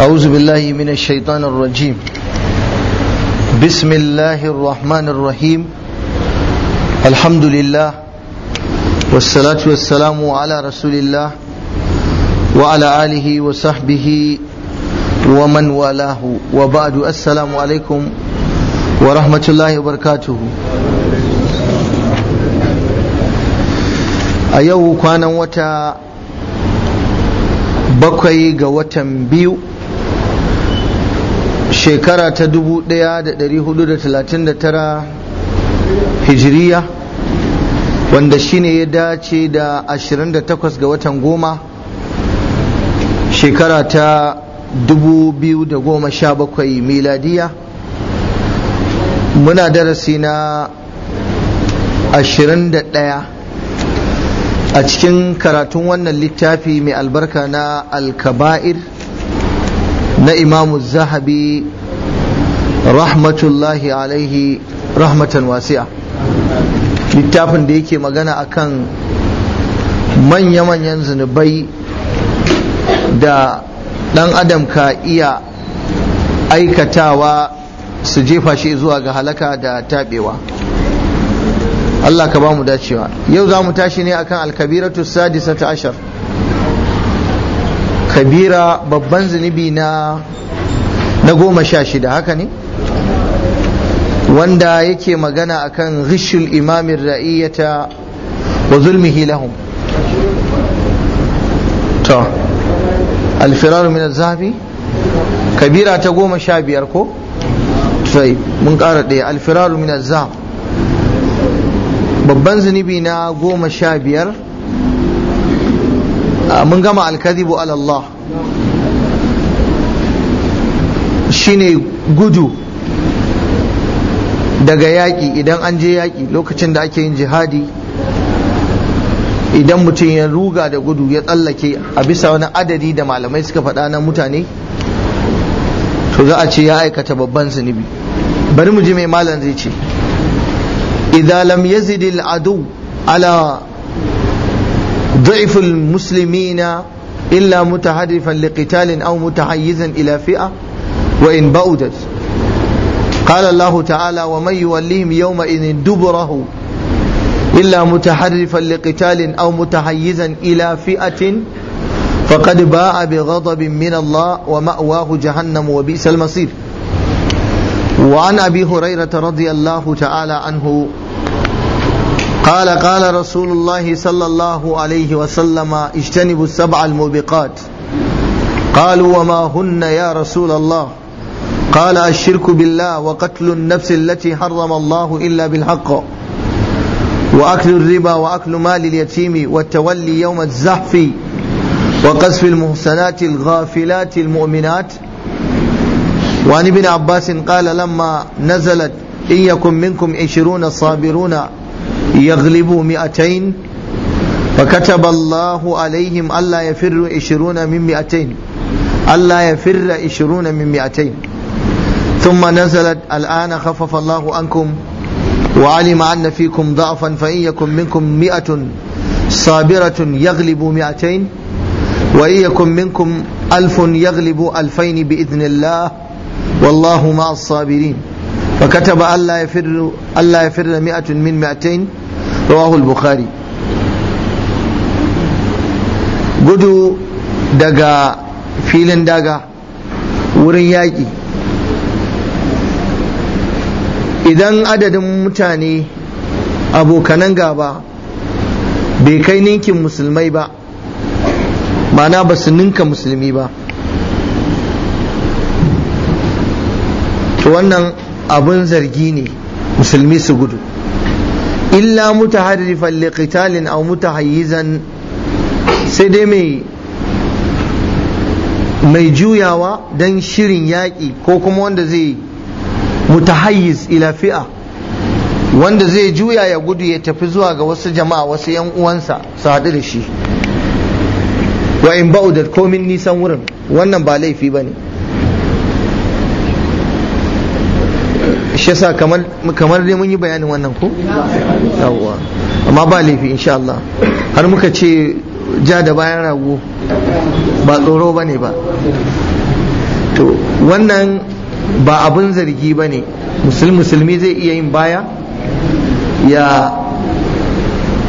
أعوذ بالله من الشيطان الرجيم بسم الله الرحمن الرحيم الحمد لله والصلاة والسلام على رسول الله وعلى آله وصحبه ومن والاه وبعد السلام عليكم ورحمة الله وبركاته أيوه كان وتا بقي قوة بيو shekara ta 1439 hijiriya wanda shine ya dace da 28 ga watan goma shekara ta 2017 miladiya muna darasi na 21 a cikin karatun wannan littafi mai albarka na alkaba'ir na imamu zahabi rahmatullahi alaihi rahmatan wasi'a littafin da yake magana akan manya-manyan zunubai da ɗan adam ka iya aikatawa su jefa shi zuwa ga halaka da taɓewa Allah ka ba mu dacewa yau za mu tashi ne akan alkabiratu sadisata ashar kabira babban zunubi na na goma sha shida haka ne wanda yake magana akan rishul imamin ra'iyyata wa zulmihi lahum to alfirar min zafi kabira ta goma sha biyar ko sai mun ƙara ɗaya alfirar min zafi babban zunubi na goma sha biyar Ah, mun gama alkadibu ala Allah shine gudu daga yaƙi idan an je yaƙi lokacin da ake yin jihadi idan mutum ya ruga da gudu ya tsallake a bisa wani adadi da malamai suka faɗa na mutane to za a ce ya aikata babban zunubi bari mu ji mai malam zai ce Iza lam yazid ala ضعف المسلمين إلا متحرفا لقتال أو متحيزا إلى فئة وإن بؤدت قال الله تعالى ومن يوليهم يومئذ دبره إلا متحرفا لقتال أو متحيزا إلى فئة فقد باء بغضب من الله ومأواه جهنم وبئس المصير وعن أبي هريرة رضي الله تعالى عنه قال قال رسول الله صلى الله عليه وسلم اجتنبوا السبع الموبقات قالوا وما هن يا رسول الله قال الشرك بالله وقتل النفس التي حرم الله إلا بالحق وأكل الربا وأكل مال اليتيم والتولي يوم الزحف وقذف المحسنات الغافلات المؤمنات وعن ابن عباس قال لما نزلت إن يكن منكم عشرون صابرون يغلب مئتين فكتب الله عليهم ألا يفر عشرون من مئتين ألا يفر عشرون من مئتين ثم نزلت الآن خفف الله عنكم وعلم أن فيكم ضعفا فإن يكن منكم مئة صابرة يغلب مئتين وإن يكن منكم ألف يغلب ألفين بإذن الله والله مع الصابرين fa kataba Allah ya firru Allah ya min gudu daga filin daga wurin yaƙi idan adadin mutane abokanan gaba bai kai ninkin musulmai ba mana ba su ninka musulmi ba wannan Abin zargi ne musulmi su gudu illa mutaharrifan liqitalin aw mutahayyizan sai dai mai juyawa don shirin yaƙi ko kuma wanda zai mutahayyiz ila fi'a wanda zai juya ya gudu ya tafi zuwa ga wasu jama'a wasu yan uwansa su haɗu da shi wa in ba'udat komin nisan wurin wannan ba laifi ba ne shi kamar ne dai mun yi bayanin wannan ko yawwa amma ba laifi insha Allah har muka ce ja da bayan rago ba tsoro bane ba to wannan ba abin zargi bane musulmi zai iya yin baya ya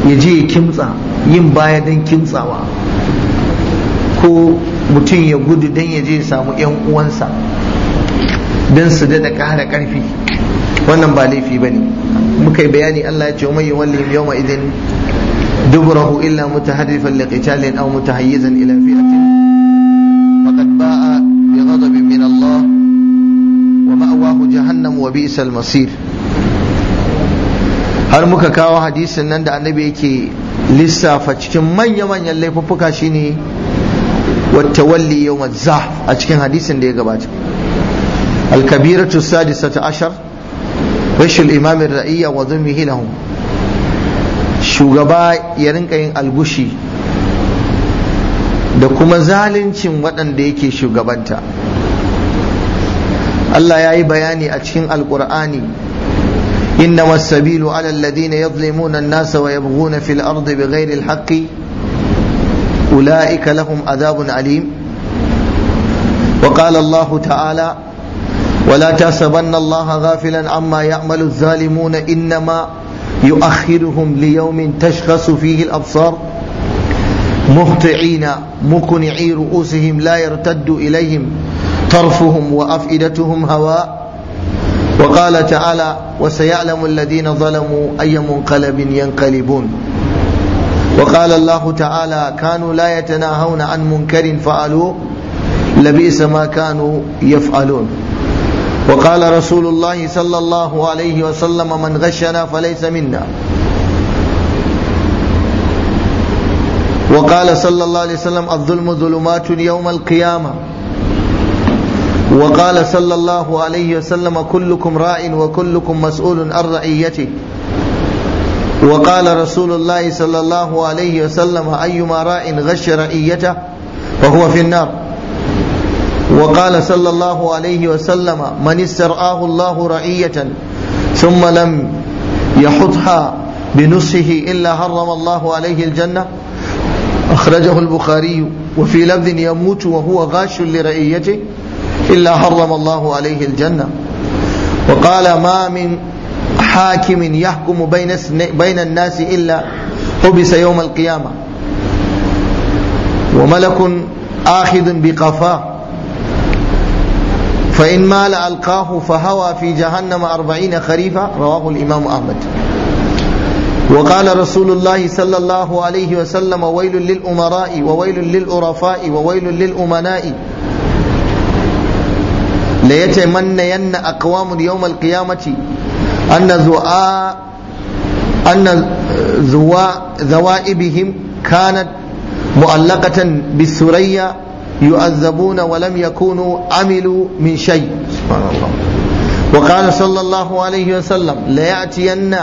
ya je kimtsa yin baya don kimtsawa ko mutum ya gudu don ya je ya samu 'yan uwansa don su da kara karfi wannan ba laifi ba ne muka yi bayani Allah ya ce wa mai wallin yau ma idin Dubrahu illa mutaharrifan liqitalin aw mutahayyizan ila fi'atin faqad ba'a bi ghadabin min Allah wa jahannam wa bi'sal masir har muka kawo hadisin nan da annabi yake lissafa cikin manya-manyan laifuffuka shine wa tawalli yawm az a cikin hadisin da ya gabata الكبيرة السادسة عشر غش الإمام الرئية وظلمه لهم shugaba ya rinka yin algushi da kuma zaluncin waɗanda yake shugabanta Allah ya yi bayani a cikin alƙur'ani inna wasabilu ala alladhina yadhlimuna an-nasa wa yabghuna fil ardi bighairi al-haqqi ulaika lahum adhabun alim wa qala Allah ta'ala ولا تحسبن الله غافلا عما يعمل الظالمون انما يؤخرهم ليوم تشخص فيه الابصار مهطعين مقنعي رؤوسهم لا يرتد اليهم طرفهم وافئدتهم هواء وقال تعالى وسيعلم الذين ظلموا اي منقلب ينقلبون وقال الله تعالى كانوا لا يتناهون عن منكر فعلوه لبئس ما كانوا يفعلون وقال رسول الله صلى الله عليه وسلم من غشنا فليس منا وقال صلى الله عليه وسلم الظلم ظلمات يوم القيامة وقال صلى الله عليه وسلم كلكم راع وكلكم مسؤول عن رعيته وقال رسول الله صلى الله عليه وسلم أيما راع غش رعيته فهو في النار وقال صلى الله عليه وسلم من استرآه الله رعية ثم لم يحطها بنصحه إلا حرم الله عليه الجنة أخرجه البخاري وفي لفظ يموت وهو غاش لرعيته إلا حرم الله عليه الجنة وقال ما من حاكم يحكم بين بين الناس إلا حبس يوم القيامة وملك آخذ بقفاه فإن مال ألقاه فهوى في جهنم أربعين خريفا رواه الإمام أحمد وقال رسول الله صلى الله عليه وسلم ويل للأمراء وويل للأرفاء وويل للأمناء ليتمنين أقوام يوم القيامة أن زواء أن زواء ذوائبهم كانت معلقة بالسرية يعذبون ولم يكونوا عملوا من شيء سبحان الله وقال صلى الله عليه وسلم ليأتين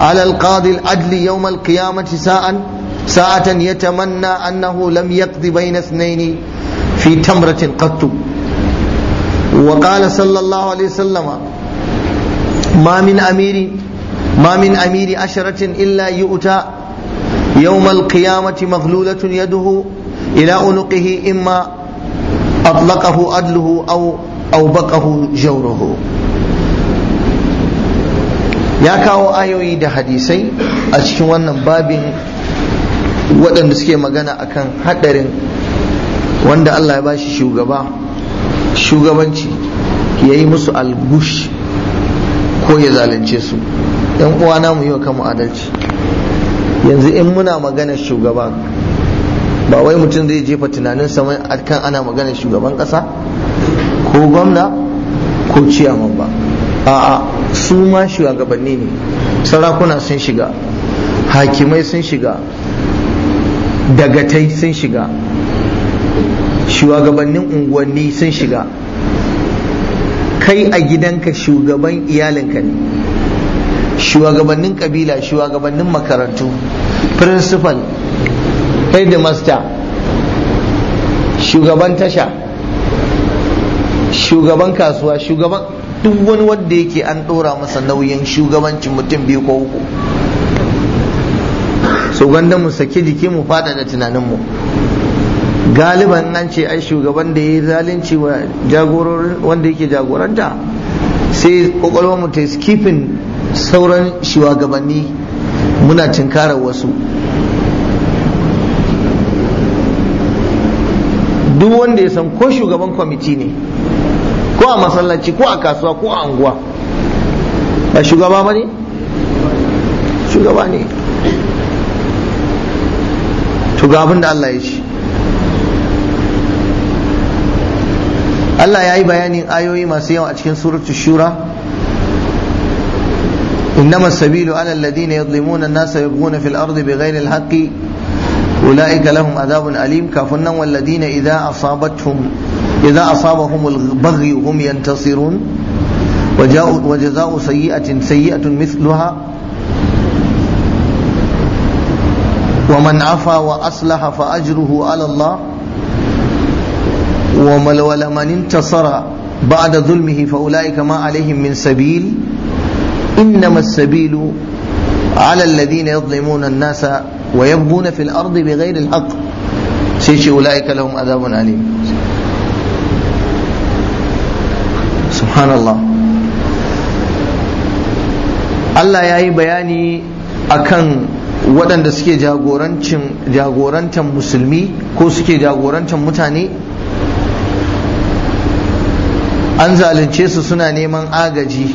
على القاضي العدل يوم القيامة ساعة ساعة يتمنى أنه لم يقضي بين اثنين في تمرة قط وقال صلى الله عليه وسلم ما من أمير ما من أمير أشرة إلا يؤتى يوم القيامة مغلولة يده ila unuqihi imma atlaqahu adluhu aw aw baqahu ya kawo ayoyi da hadisai a cikin wannan babin waɗanda suke magana akan haɗarin wanda Allah ya bashi shugaba shugabanci ya yi musu algush ko ya zalunce su yan uwana mu yi wa kanmu adalci yanzu in muna maganar shugaba ba wai mutum zai jefa tunanin saman kan ana magana shugaban kasa ko gwamna ko ciyaman ba a'a su ma shugabanni ne sarakuna sun shiga hakimai sun shiga dagatai sun shiga shugabannin unguwanni sun shiga kai a gidanka shugaban iyalinka ne shugabannin kabila shugabannin makarantu principal headmaster shugaban tasha shugaban kasuwa shugaban duk wani wanda yake an ɗora masa nauyin shugabancin mutum biyu ko uku so ganda mu saki jiki mu fada da mu galiban an ce ai shugaban da ya zalunci wa jagororin wanda yake jagoranta sai kokolwa mu ta skipping sauran shugabanni muna tinkara wasu duk wanda ya san ko shugaban kwamiti ne ko a masallaci ko a kasuwa ko a anguwa ba shugaba ba ne shugaba ne ga abin da Allah ya ce Allah ya yi bayanin ayoyi masu yawa a cikin suratu shura إنما السبيل على الذين يظلمون الناس يبغون في الأرض بغير الحق أولئك لهم عذاب أليم كافرنا والذين إذا أصابتهم إذا أصابهم البغي هم ينتصرون وجزاء سيئة سيئة مثلها ومن عفا وأصلح فأجره على الله ولمن انتصر بعد ظلمه فأولئك ما عليهم من سبيل إنما السبيل على الذين يظلمون الناس wa في الارض بغير الحق al-haqq sai ce ulaika lahum adhabun alim subhanallah Allah ya yi bayani akan waɗanda suke jagorantar musulmi ko suke jagorantar mutane an zalunce su suna neman agaji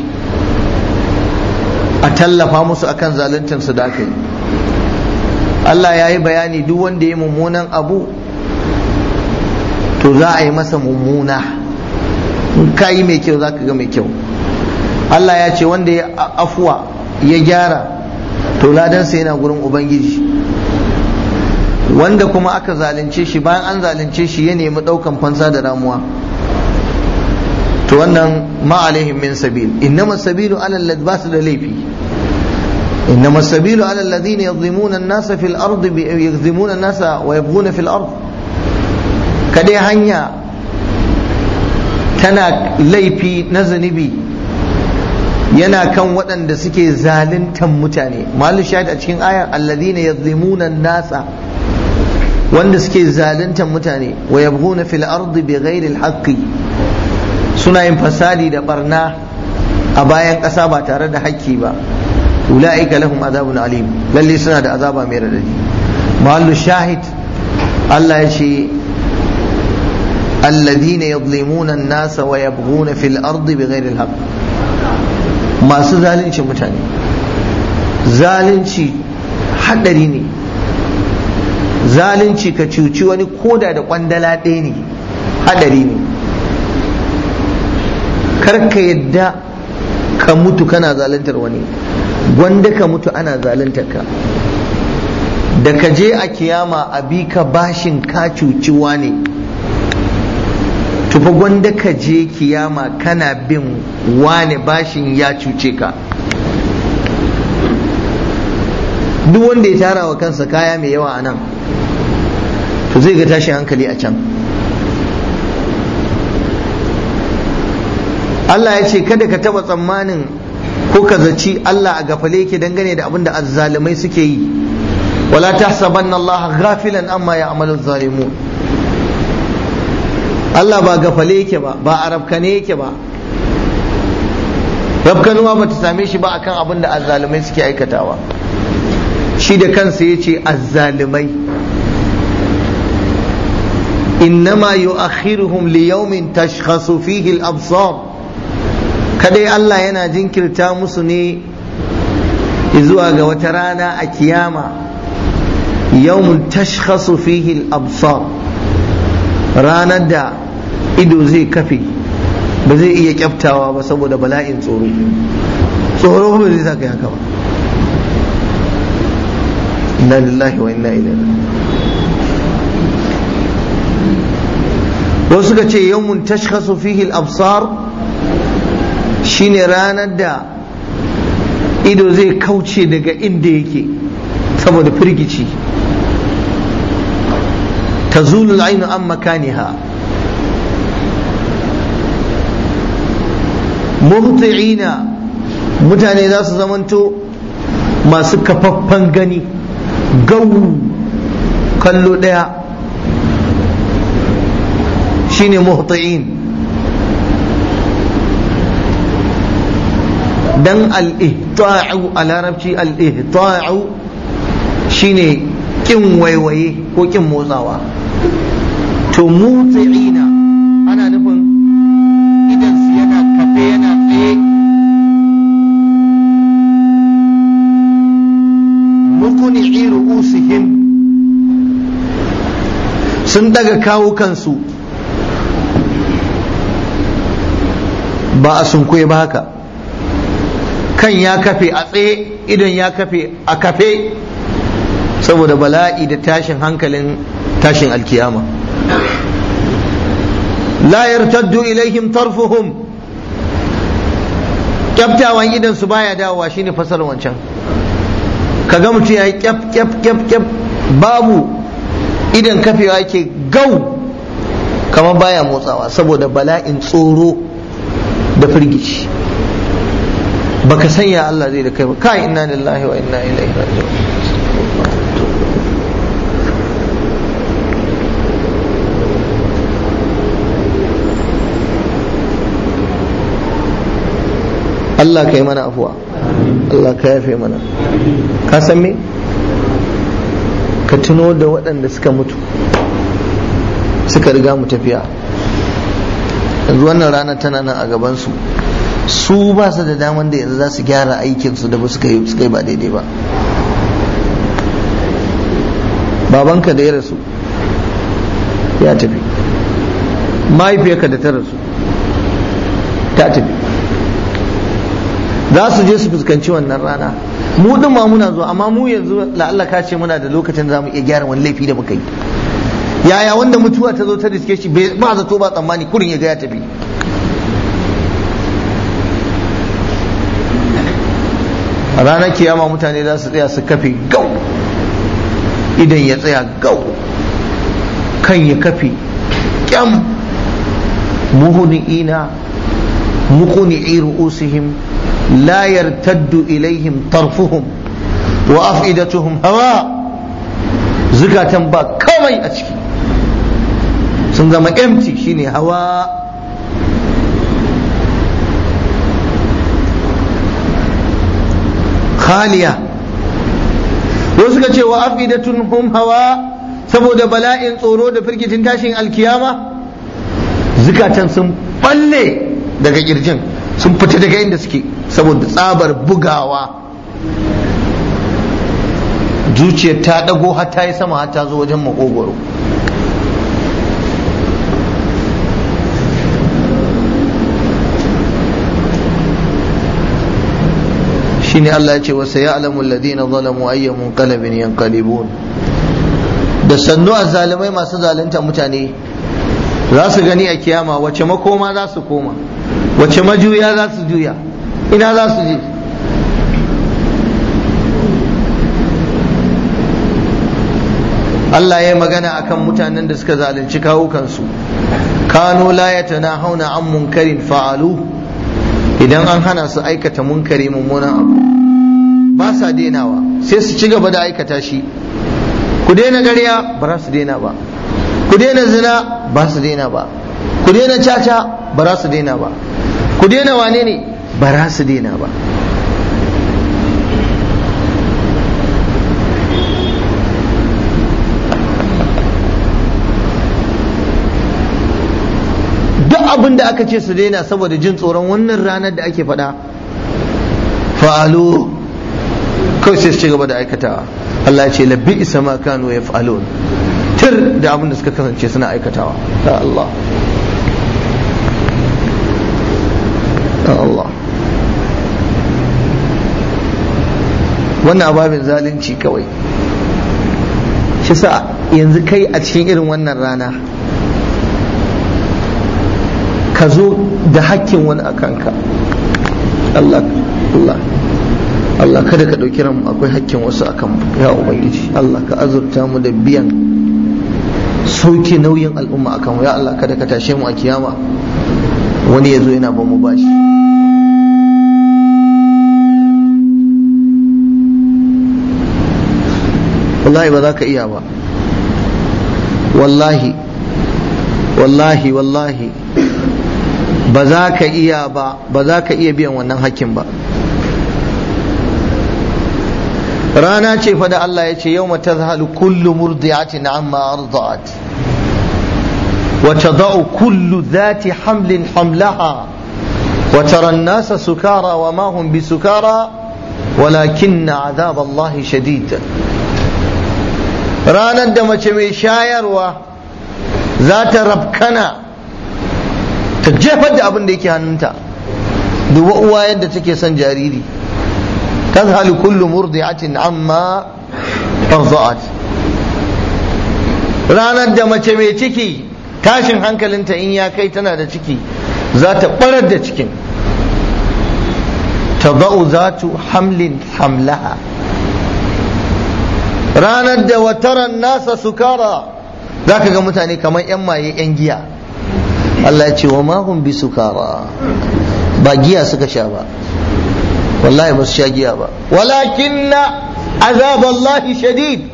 a tallafa musu akan su da aka Allah ya yi bayani duk wanda ya yi mummunan abu to za a yi masa mummuna in ka yi mai kyau za ka ga mai kyau Allah ya ce wanda ya afuwa ya gyara to ladansa yana gurin ubangiji wanda kuma aka zalunce shi bayan an zalunce shi ya nemi ɗaukan fansa da ramuwa to wannan ma'alihin min sabil innama sabilu alal ladbas da laifi إنما السبيل على الذين يظلمون الناس في الأرض يظلمون الناس ويبغون في الأرض كدي هنيا tana laifi na zunubi yana kan waɗanda suke zaluntan mutane malu shahid a cikin ayar alladhina yadhlimuna nasa wanda suke zaluntan mutane wa yabghuna fil ardi bighairi al suna yin fasadi da barna a bayan ƙasa ba tare da haƙƙi ba ulaika lahum azabun alim lalle suna da azaba mai radadi mahallu shahid Allah ya ce alladhina yadhlimuna an-nasa wa yabghuna fil ardi bighairi al-haqq masu zalunci mutane zalunci hadari ne zalunci ka cuci wani koda da kwandala ɗaya ne hadari ne karka yadda ka mutu kana zaluntar wani gwanda ka mutu ana zalunta ka da ka je a kiyama a bi ka bashin ka cuciwa ne tufa gwanda ka je kiyama kana bin wane bashin ya cuce ka duk wanda ya tara wa kansa kaya mai yawa a nan to zai ga tashin hankali a can Allah ya ce kada ka taba tsammanin kuka zaci Allah a gafale yake dangane da abin da azzalumai suke yi wala tahsabanna Allah ghafilan amma ya'malu zalimun Allah ba gafale yake ba ba arabkane yake ba rabkanuwa bata same shi ba akan abin da azzalumai suke aikatawa shi da kansa yace azzalumai innama yu'akhiruhum li yawmin tashkhasu fihi al-absar kadai Allah yana jinkirta musu ne zuwa ga wata rana a kiyama yawmun tashkhasu fihi al-absar ranar da ido zai kafe ba zai iya kyaftawa ba saboda bala'in tsoro tsoro ba zai saka haka ba inna lillahi wa inna ilaihi wasu ka ce yawmun tashkhasu fihi al-absar shine ranar da ido zai kauce daga inda yake saboda firgici ta zulul ainu an makaniha muhti'ina mutane za su zamanto masu kafaffan gani gawu kallo ɗaya shine muhti'in dan al-ihta'u a larabci al-ihta'u shine kin waiwaye ko kin motsawa to ina, ana nufin idan su yana kafe yana tsaye mukuni ru'usihim sun daga kawo kansu ba a sunkuye ba haka kan ya kafe a tsaye idan ya kafe a kafe saboda bala'i da tashin hankalin tashin alkiyama la yartaddu ilaihim tarfuhum kyaftawan idan su baya dawowa shine fasar wancan ga mutum ya yi kyaf kyaf kyaf kyaf babu idan kafewa ke gau kamar baya motsawa saboda bala'in tsoro da firgici baka sanya Allah zai da kai ba kai inna lillahi wa inna ilaihi raji'un Allah ka yi mana afuwa Allah ka yafe mana ka san me ka tuno da waɗanda suka mutu suka riga mu tafiya yanzu wannan rana tana nan a gabansu su ba su da daman da yanzu za su gyara aikinsu da ba su kai ba daidai ba babanka da ya rasu ya tafi mahaifiyarka da ta rasu ta tafi za su je su fuskanci wannan rana mu din ma muna zuwa amma mu yanzu la'alla ka ce muna da lokacin da za mu iya gyara wani laifi da muka yi yaya wanda mutuwa ta zo ta riske shi ba zato ba tsammani kurin ya ga ya tafi ranar kiyama mutane za su tsaya su kafe gau idan ya tsaya gau kan ya kafe kyam muhuni'ina muqni'i ru'usihim la yartaddu ilaihim tarfuhum wa af'idatuhum hawa zukatan ba kawai a ciki sun zama empty shine hawa khaliya wasu suka ce wa afidatun hum hawa saboda bala'in tsoro da firgitin tashin alkiyama zukatan sun balle daga kirjin sun fita daga inda suke saboda tsabar bugawa zuciyar ta dago har ta yi sama har ta zo wajen makogoro shine Allah ya ce wa sayalamu alladhina zalamu ayyu munqalabin yanqalibun da sannu azzalimai masu zalunta mutane za su gani a kiyama wace makoma za su koma wace majuya za su juya ina za su je Allah ya magana akan mutanen da suka zalunci kawukansu kano la yatanahawna an munkarin fa'alu idan an hana su aikata munkari mummunan abu ba sa denawa sai su ci gaba da aikata shi ku daina gariya ba za su daina ba ku daina zina ba su daina ba ku daina caca ba za su daina ba ku daina wane ne ba za su daina ba abin da aka ce su daina saboda jin tsoron wannan ranar da ake faɗa fa'alu kawai sai su ci gaba da aikatawa Allah ya ce labbi isa ma kanu ya fa'alun tir da abin da suka kasance suna aikatawa Allah Allah wannan ababin zalunci kawai shi sa yanzu kai a cikin irin wannan rana ka zo da hakkin wani a kanka Allah Allah Allah kada ka ɗauki ran akwai hakkin wasu a kan ya ubangiji Allah ka azurta mu da biyan sauke nauyin al'umma a ya Allah kada ka tashe mu a kiyama wani ya zo yana ba mu bashi wallahi ba za ka iya ba wallahi wallahi wallahi ba za ka iya ba ba za ka iya biyan wannan hakkin ba rana ce fa da Allah ya ce yawma tazhalu kullu murdi'atin amma arda'at wa tada'u kullu dhati hamlin hamlaha wa tara an-nasa sukara wa ma hum bisukara walakin na Allah shadid ranar da mace mai shayarwa za ta rabkana ta jefar da abin da yake hannunta duba uwa yadda take son jariri tazhalu kullu murdi'atin amma arda'at ranar da mace mai ciki tashin hankalinta in ya kai tana da ciki za ta barar da cikin ta bau za tu hamlin hamlaha ranar da wataran nasa sukara za ka ga mutane kamar 'yan maye 'yan giya Allah ya ce wa ma hum bisukara ba giya suka sha ba wallahi ba su sha giya ba walakin na azab Allah shadid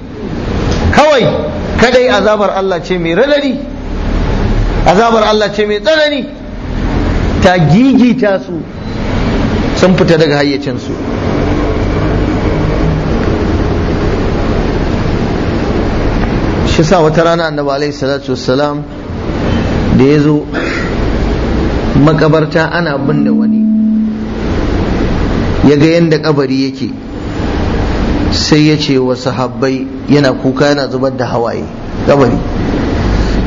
kawai kadai azabar Allah ce mai radadi azabar Allah ce mai tsanani ta gigita su sun fita daga hayyacin su shi sa wata rana annabi alaihi salatu wassalam da ya zo makabarta ana binne wani ya ga yadda kabari yake sai ya ce wasu habai yana kuka yana zubar da hawaye kabari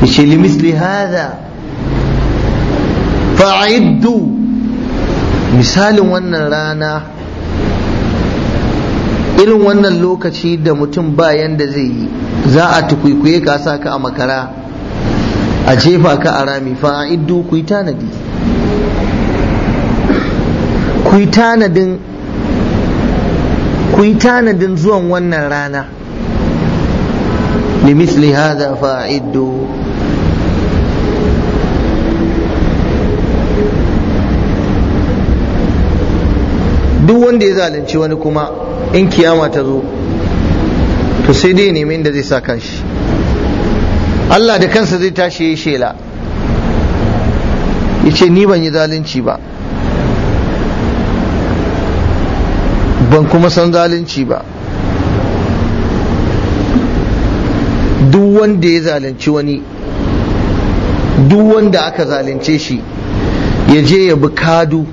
ya ce limisli hada fa'iddu misalin wannan rana irin wannan lokaci da mutum bayan da zai yi za a tukwikwiye ka sa ka a makara a jefa ka a rami fa iddu ku yi tanadi ku yi tanadin zuwan wannan rana limisli hada fa a iddu duk wanda ya zalunci wani kuma in kiyama ta zo to sai dai nemi inda zai sa kanshi Allah da kansa zai tashi ya yi shela ya ce ni ban yi zalunci ba ban kuma san zalunci ba duk wanda ya zalunci wani duk wanda aka zalunce shi ya je ya bi kadu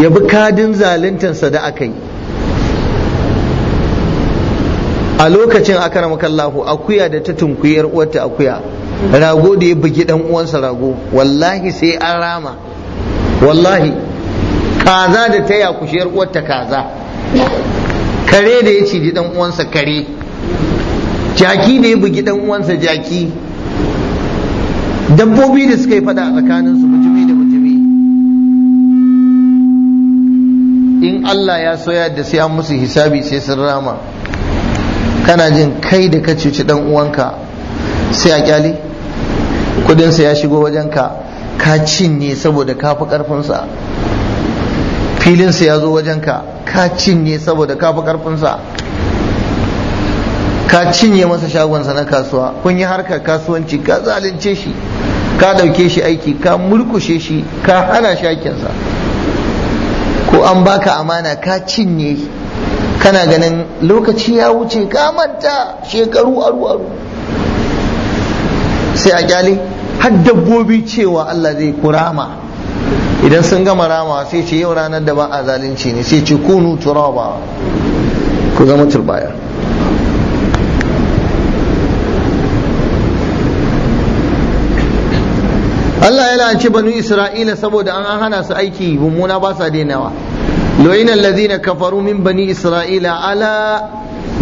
ya bi kadin zaluntansa da aka yi a lokacin aka ramakallahu akuya da ta tunkuyar uwarta akuya rago da ya bugi dan uwansa rago wallahi sai an rama wallahi kaza da ta yakushiyar ta kaza kare da ya ci da dan uwansa kare jaki da ya bugi dan uwansa jaki dabbobi da suka yi fada a tsakanin su bujumi da bujumi in Allah ya soya da sai an musu hisabi sai sun rama kana jin kai da ka cuci dan uwanka sai a kyale kudinsa ya shigo wajenka ka cinye saboda ka fi karfinsa filinsa ya zo wajenka ka cinye saboda ka fi karfinsa ka cinye masa shagonsa na kasuwa kun yi harkar kasuwanci ka zalunce shi ka ɗauke shi aiki ka murkushe shi ka hana shakinsa ko an baka amana ka cinye kana ganin lokaci ya wuce kamanta shekaru aru aru sai a kyale har dabbobi cewa Allah zai kurama idan sun gama rama sai ce yau ranar da ba a zalunci ne sai ce kunu turaba ku zama turbaya Allah ya la'anci banu Isra'ila saboda an hana su aiki mummuna ba sa dainawa لعن الذين كفروا من بني إسرائيل على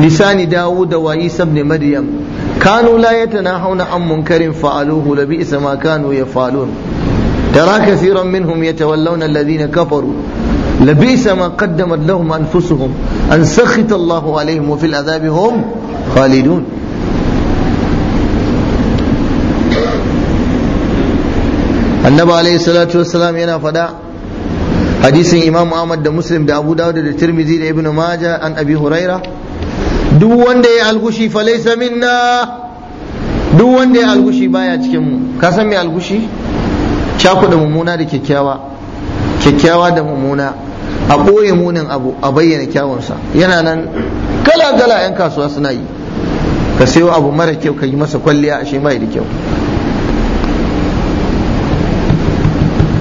لسان داود وعيسى بن مريم كانوا لا يتناهون عن منكر فعلوه لبئس ما كانوا يفعلون ترى كثيرا منهم يتولون الذين كفروا لبئس ما قدمت لهم أنفسهم أن سخط الله عليهم وفي العذاب هم خالدون النبي عليه الصلاة والسلام ينا hadisin imam ahmad da muslim da abu dawuda da tirmidhi da ibnu maja an abi huraira duk wanda ya algushi fa samin na. duk wanda ya algushi baya cikin mu ka san me algushi shaku da mummuna da kyakkyawa kyakkyawa da mummuna a ɓoye munin abu a bayyana kyawunsa yana nan kala kala yan kasuwa suna yi ka sayo abu mara kyau ka yi masa kwalliya ashe bai da kyau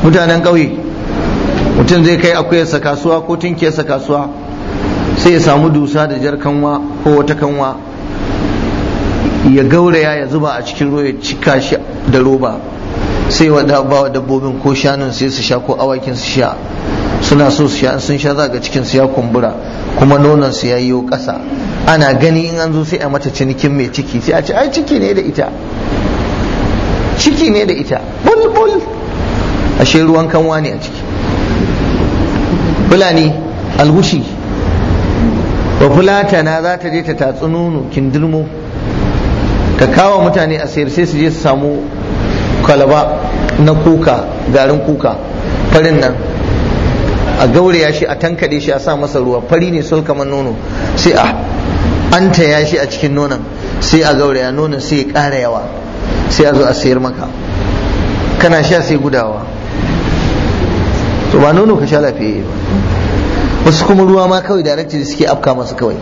mutanen ƙauye mutum zai kai akwai akuyarsa kasuwa ko tinkiyarsa kasuwa sai ya samu dusa da jar kanwa ko wata kanwa ya gauraya ya zuba a cikin ruwa cika shi da roba sai wa ba wa dabbobin ko shanun sai su sha ko awakin su sha suna so su sha sun sha za ga cikin su ya kumbura kuma nonon su yayyo kasa. ana gani in an zo sai a mata cinikin mai ciki sai a ce ai ciki ne da ita ciki ne da ita bul ashe ruwan kanwa ne a ciki fulani algushi ba fulatana za ta je ta tatsi nono kindirmo Ka kawo mutane a sayar sai su je su samu kwalaba na kuka garin kuka farin nan a gauraya shi a tankade shi a sa masa ruwa fari ne sul kamar nono sai a an taya shi a cikin nonon sai a gauraya nonon sai ya ƙara yawa sai a zo a sayar maka kana sha sai gudawa to ba nono ka sha lafiyayye ba wasu kuma ruwa ma kawai da directly suke afka masu kawai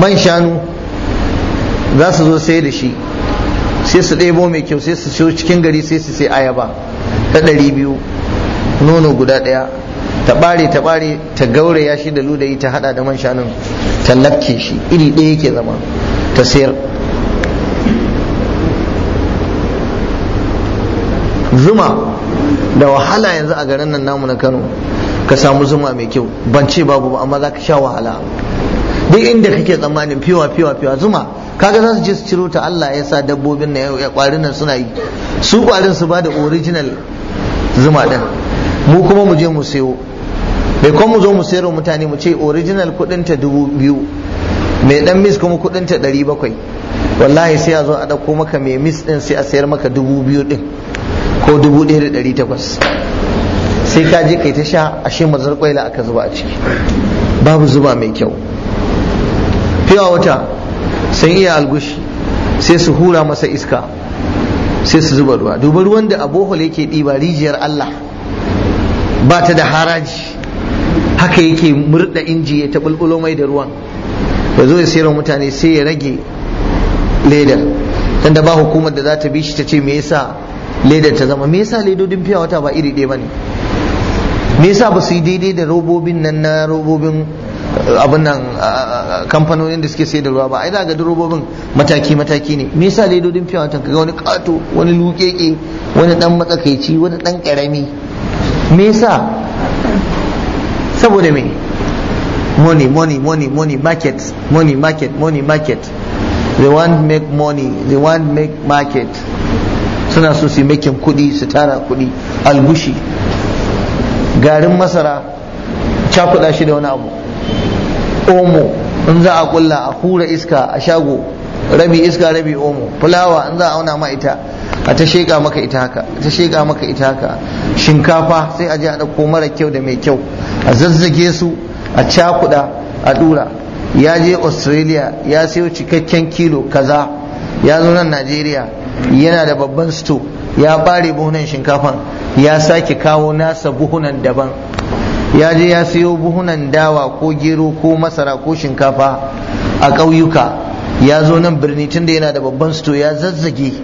man shanu za su zo sai da shi sai su ɗebo mai kyau sai su siyo cikin gari sai su sai ayaba ta ɗari biyu nono guda ɗaya ta ɓare ta ɓare ta gauraya shi da ludayi ta haɗa da man shanun ta nafke shi iri ɗaya yake zama ta sayar zuma da wahala yanzu a garin nan namu na Kano ka samu zuma mai kyau ban ce babu ba amma za ka sha wahala duk inda kake tsammanin fiwa fiwa fiwa zuma kaga za su je su ciro ta Allah ya sa dabbobin na ya kwarin nan suna yi su kwarin su ba da original zuma din mu kuma mu je mu sayo bai kuma mu zo mu sayar mutane mu ce original kudin ta dubu biyu mai dan miss kuma kudin ta ɗari bakwai wallahi sai a zo a dauko maka mai mis din sai a sayar maka dubu biyu din ko dubu ɗaya da ɗari takwas sai ka je kai ta sha ashe mazar kwaila aka zuba a ciki babu zuba mai kyau fiya wata sun iya algushi sai su hura masa iska sai su zuba ruwa duba ruwan da abohol yake ɗiba rijiyar Allah ba ta da haraji haka yake murda inji ya ta bulbulo mai da ruwan ya zo ya sayarwa mutane sai ya rage ledar tanda ba hukumar da za ta bi shi ta ce me yasa ledar ta zama me yasa ledodin fiya wata ba iri ɗaya bane me yasa ba su yi daidai da robobin nan na robobin eh, abin nan eh, eh, kamfanonin da suke sai da ruwa ba ai za ga robobin mataki mataki ne me yasa ledodin fiya wata kaga wani kato wani lukeke wani dan matsakaici wani dan karami me yasa saboda me money money money money market money market money market they want make money they want make market suna so su makin kuɗi su tara kudi algushi garin masara cakuda shi da wani abu omo in za a kulla a hura iska a shago rabi iska rabi omo fulawa in za a auna ma ita a ta sheka maka ita haka ta sheka maka ita haka shinkafa sai a je a dauko mara kyau da mai kyau a zazzage su a cakuda a ɗura ya je australia ya sayo cikakken kilo kaza ya zo nan najeriya yana da babban sto ya bare buhunan shinkafan ya sake kawo nasa buhunan daban ya je ya siyo buhunan dawa ko gero ko masara ko shinkafa a ƙauyuka ya zo nan birni tunda yana da babban sto ya zazzage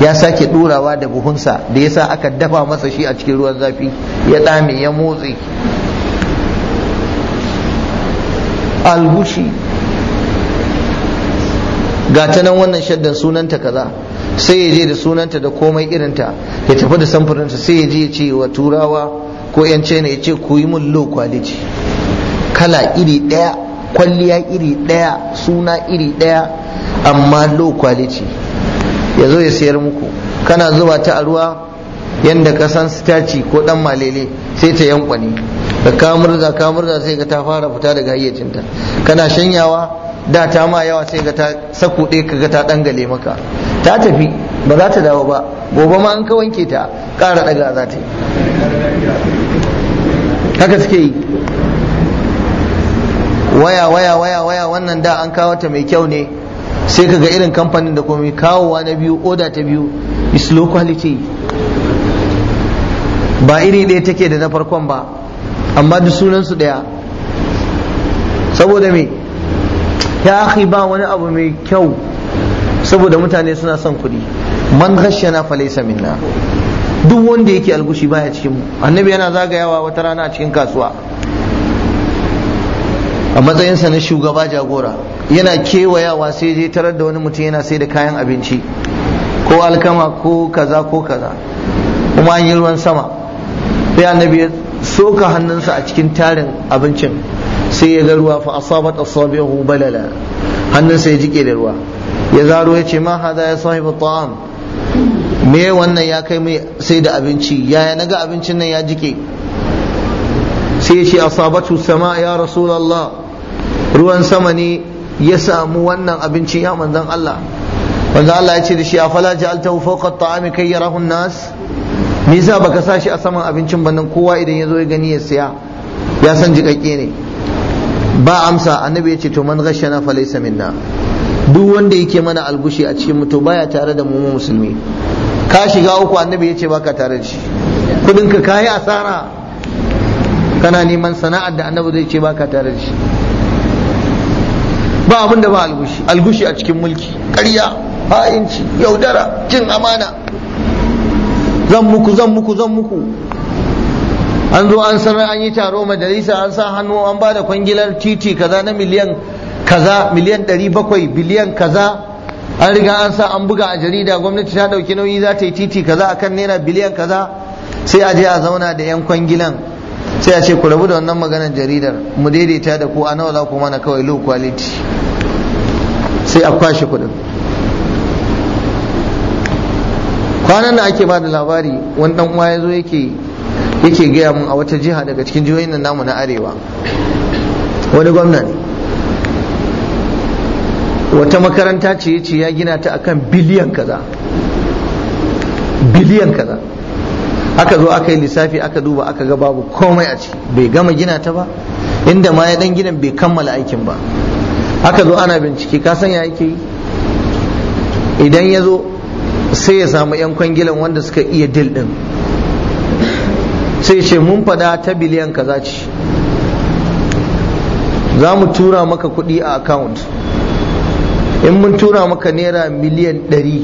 ya sake ɗorawa da buhunsa da ya sa aka dafa masa shi a cikin ruwan zafi ya ɗame ya motse algushi ga ta nan wannan shaddan sunanta kaza sai ya je da sunanta da komai irin ta ya tafi da samfurinta sai ya je ya ce wa turawa ko yan ce ya ce ku yi mun low quality kala iri ɗaya kwalliya iri ɗaya suna iri ɗaya amma low quality ya zo ya sayar muku kana zuba ta a ruwa yanda ka san sitaci ko dan malele sai ta yankwani da kamar murza kamar sai ka ta fara fita daga hayyacinta kana shanyawa da ta ma yawa sai ga ta sako ɗaya kaga ta dangale maka ta tafi ba za ta dawo ba gobe ma an ka wanke ta ƙara daga za ta yi haka suke yi waya waya waya waya wannan da an kawo ta mai kyau ne sai kaga irin kamfanin da komai kawowa na biyu oda ta biyu is low quality ba iri ɗaya take da na farkon ba amma duk sunansu ɗaya saboda me ya akhi ba wani abu mai kyau saboda mutane suna son kuɗi man ghashana falaysa minna duk wanda yake algushi baya cikin mu annabi yana zagayawa wata rana a cikin kasuwa a matsayinsa na shugaba jagora yana kewayawa sai je tarar da wani mutum yana sai da kayan abinci ko alkama ko kaza ko kaza kuma an yi ruwan sama sai annabi ya soka hannunsa a cikin tarin abincin sai ya ga ruwa fa asabat asabihu balala hannun sai ya jike da ruwa ya zaro ya ce ma hada ya sahibu ta'am me wannan ya kai mai sai da abinci yaya naga abincin nan ya jike sai ya ce asabatu sama ya rasulullah ruwan sama ne ya samu wannan abinci ya manzon Allah manzon Allah ya ce da shi afala ja'altahu fawqa at-ta'ami kai yarahu an-nas me yasa baka sa shi a saman abincin ba nan kowa idan ya zo ya gani ya siya ya san jikakke ne ba amsa annabi ya ce to man ghashana falaysa minna duk wanda yake mana albushi a cikin mutu baya tare da mu musulmi ka shiga uku annabi ya ce baka tare da shi kudin ka kai asara kana neman sana'ar da annabi zai ce baka tare da shi ba abin da ba albushi albushi a cikin mulki ƙarya ha'inci yaudara cin amana zan muku zan muku zan muku an zo an sanar an yi taro majalisa an sa hannu an ba da kwangilar titi kaza na miliyan kaza miliyan 700 biliyan kaza an riga an sa an buga a jarida gwamnati ta dauki nauyi za ta yi titi kaza akan naira biliyan kaza sai a je a zauna da yan kwangilan sai a ce ku rabu da wannan maganar jaridar mu daidaita da ku a nawa za ku mana kawai low quality sai a kwashe kuɗin kwanan da ake ba da labari wani dan uwa ya zo yake yake gaya mun a wata jiha daga cikin jihohin nan namu na arewa wani gwamna ne wata makaranta ce ya ce ya gina ta akan biliyan kaza biliyan kaza aka zo aka yi lissafi aka duba aka ga babu komai a ciki bai gama gina ta ba inda ma ya dan gidan bai kammala aikin ba aka zo ana bincike ka san ya yake yi idan ya zo sai ya samu yan kwangilan wanda suka iya dil din sai ce mun fada ta biliyan kaza ce za mu tura maka kuɗi a account in mun tura maka naira miliyan ɗari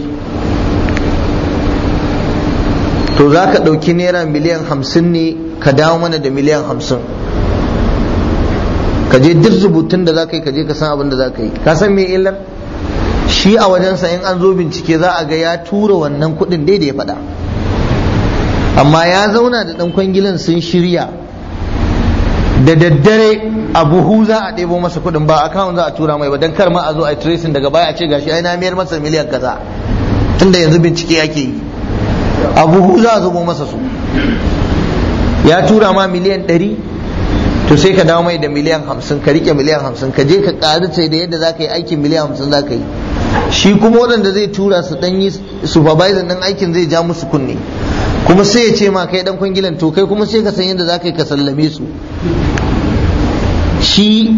to za ka ɗauki naira miliyan hamsin ne ka dawo mana da miliyan hamsin ka je duk rubutun da za ka yi ka je ka san abin da za ka yi ka san me illar shi a wajensa in an zo bincike za a ga ya tura wannan kuɗin daidai ya faɗa amma ya zauna da ɗan kwangilan sun shirya da daddare a buhu za a ɗebo masa kuɗin ba akawun za a tura mai ba don kar ma a zo a tracing daga baya a ce gashi ai na miyar masa miliyan kaza tunda yanzu bincike ake yi a buhu za a zubo masa su ya tura ma miliyan ɗari to sai ka dawo mai da miliyan hamsin ka rike miliyan hamsin ka je ka ce da yadda za ka yi aikin miliyan hamsin za ka yi shi kuma waɗanda zai tura su ɗan yi supervisor ɗin aikin zai ja musu kunne kuma sai ya ce ma kai dan kwangilan to kai kuma sai ka san yadda za ka ka sallame su shi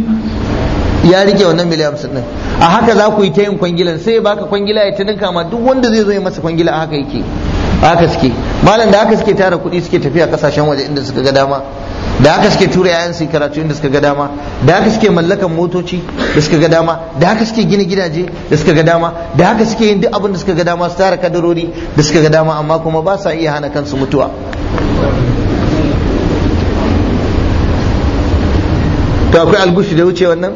ya rike wannan miliyan hamsin din a haka za ku yi ta yin kwangilan sai ya baka kwangila ya ta ninka ma duk wanda zai zo ya masa kwangila haka yake haka suke malam da haka suke tara kuɗi suke tafiya kasashen waje inda suka ga dama da haka suke tura yayan su karatu inda suka ga dama da haka suke mallakan motoci da suka ga dama da haka suke gina gidaje da suka ga dama da haka suke yin duk abin da suka ga dama su tara kadarori da suka ga dama amma kuma ba sa iya hana kansu mutuwa to akwai algushi da wuce wannan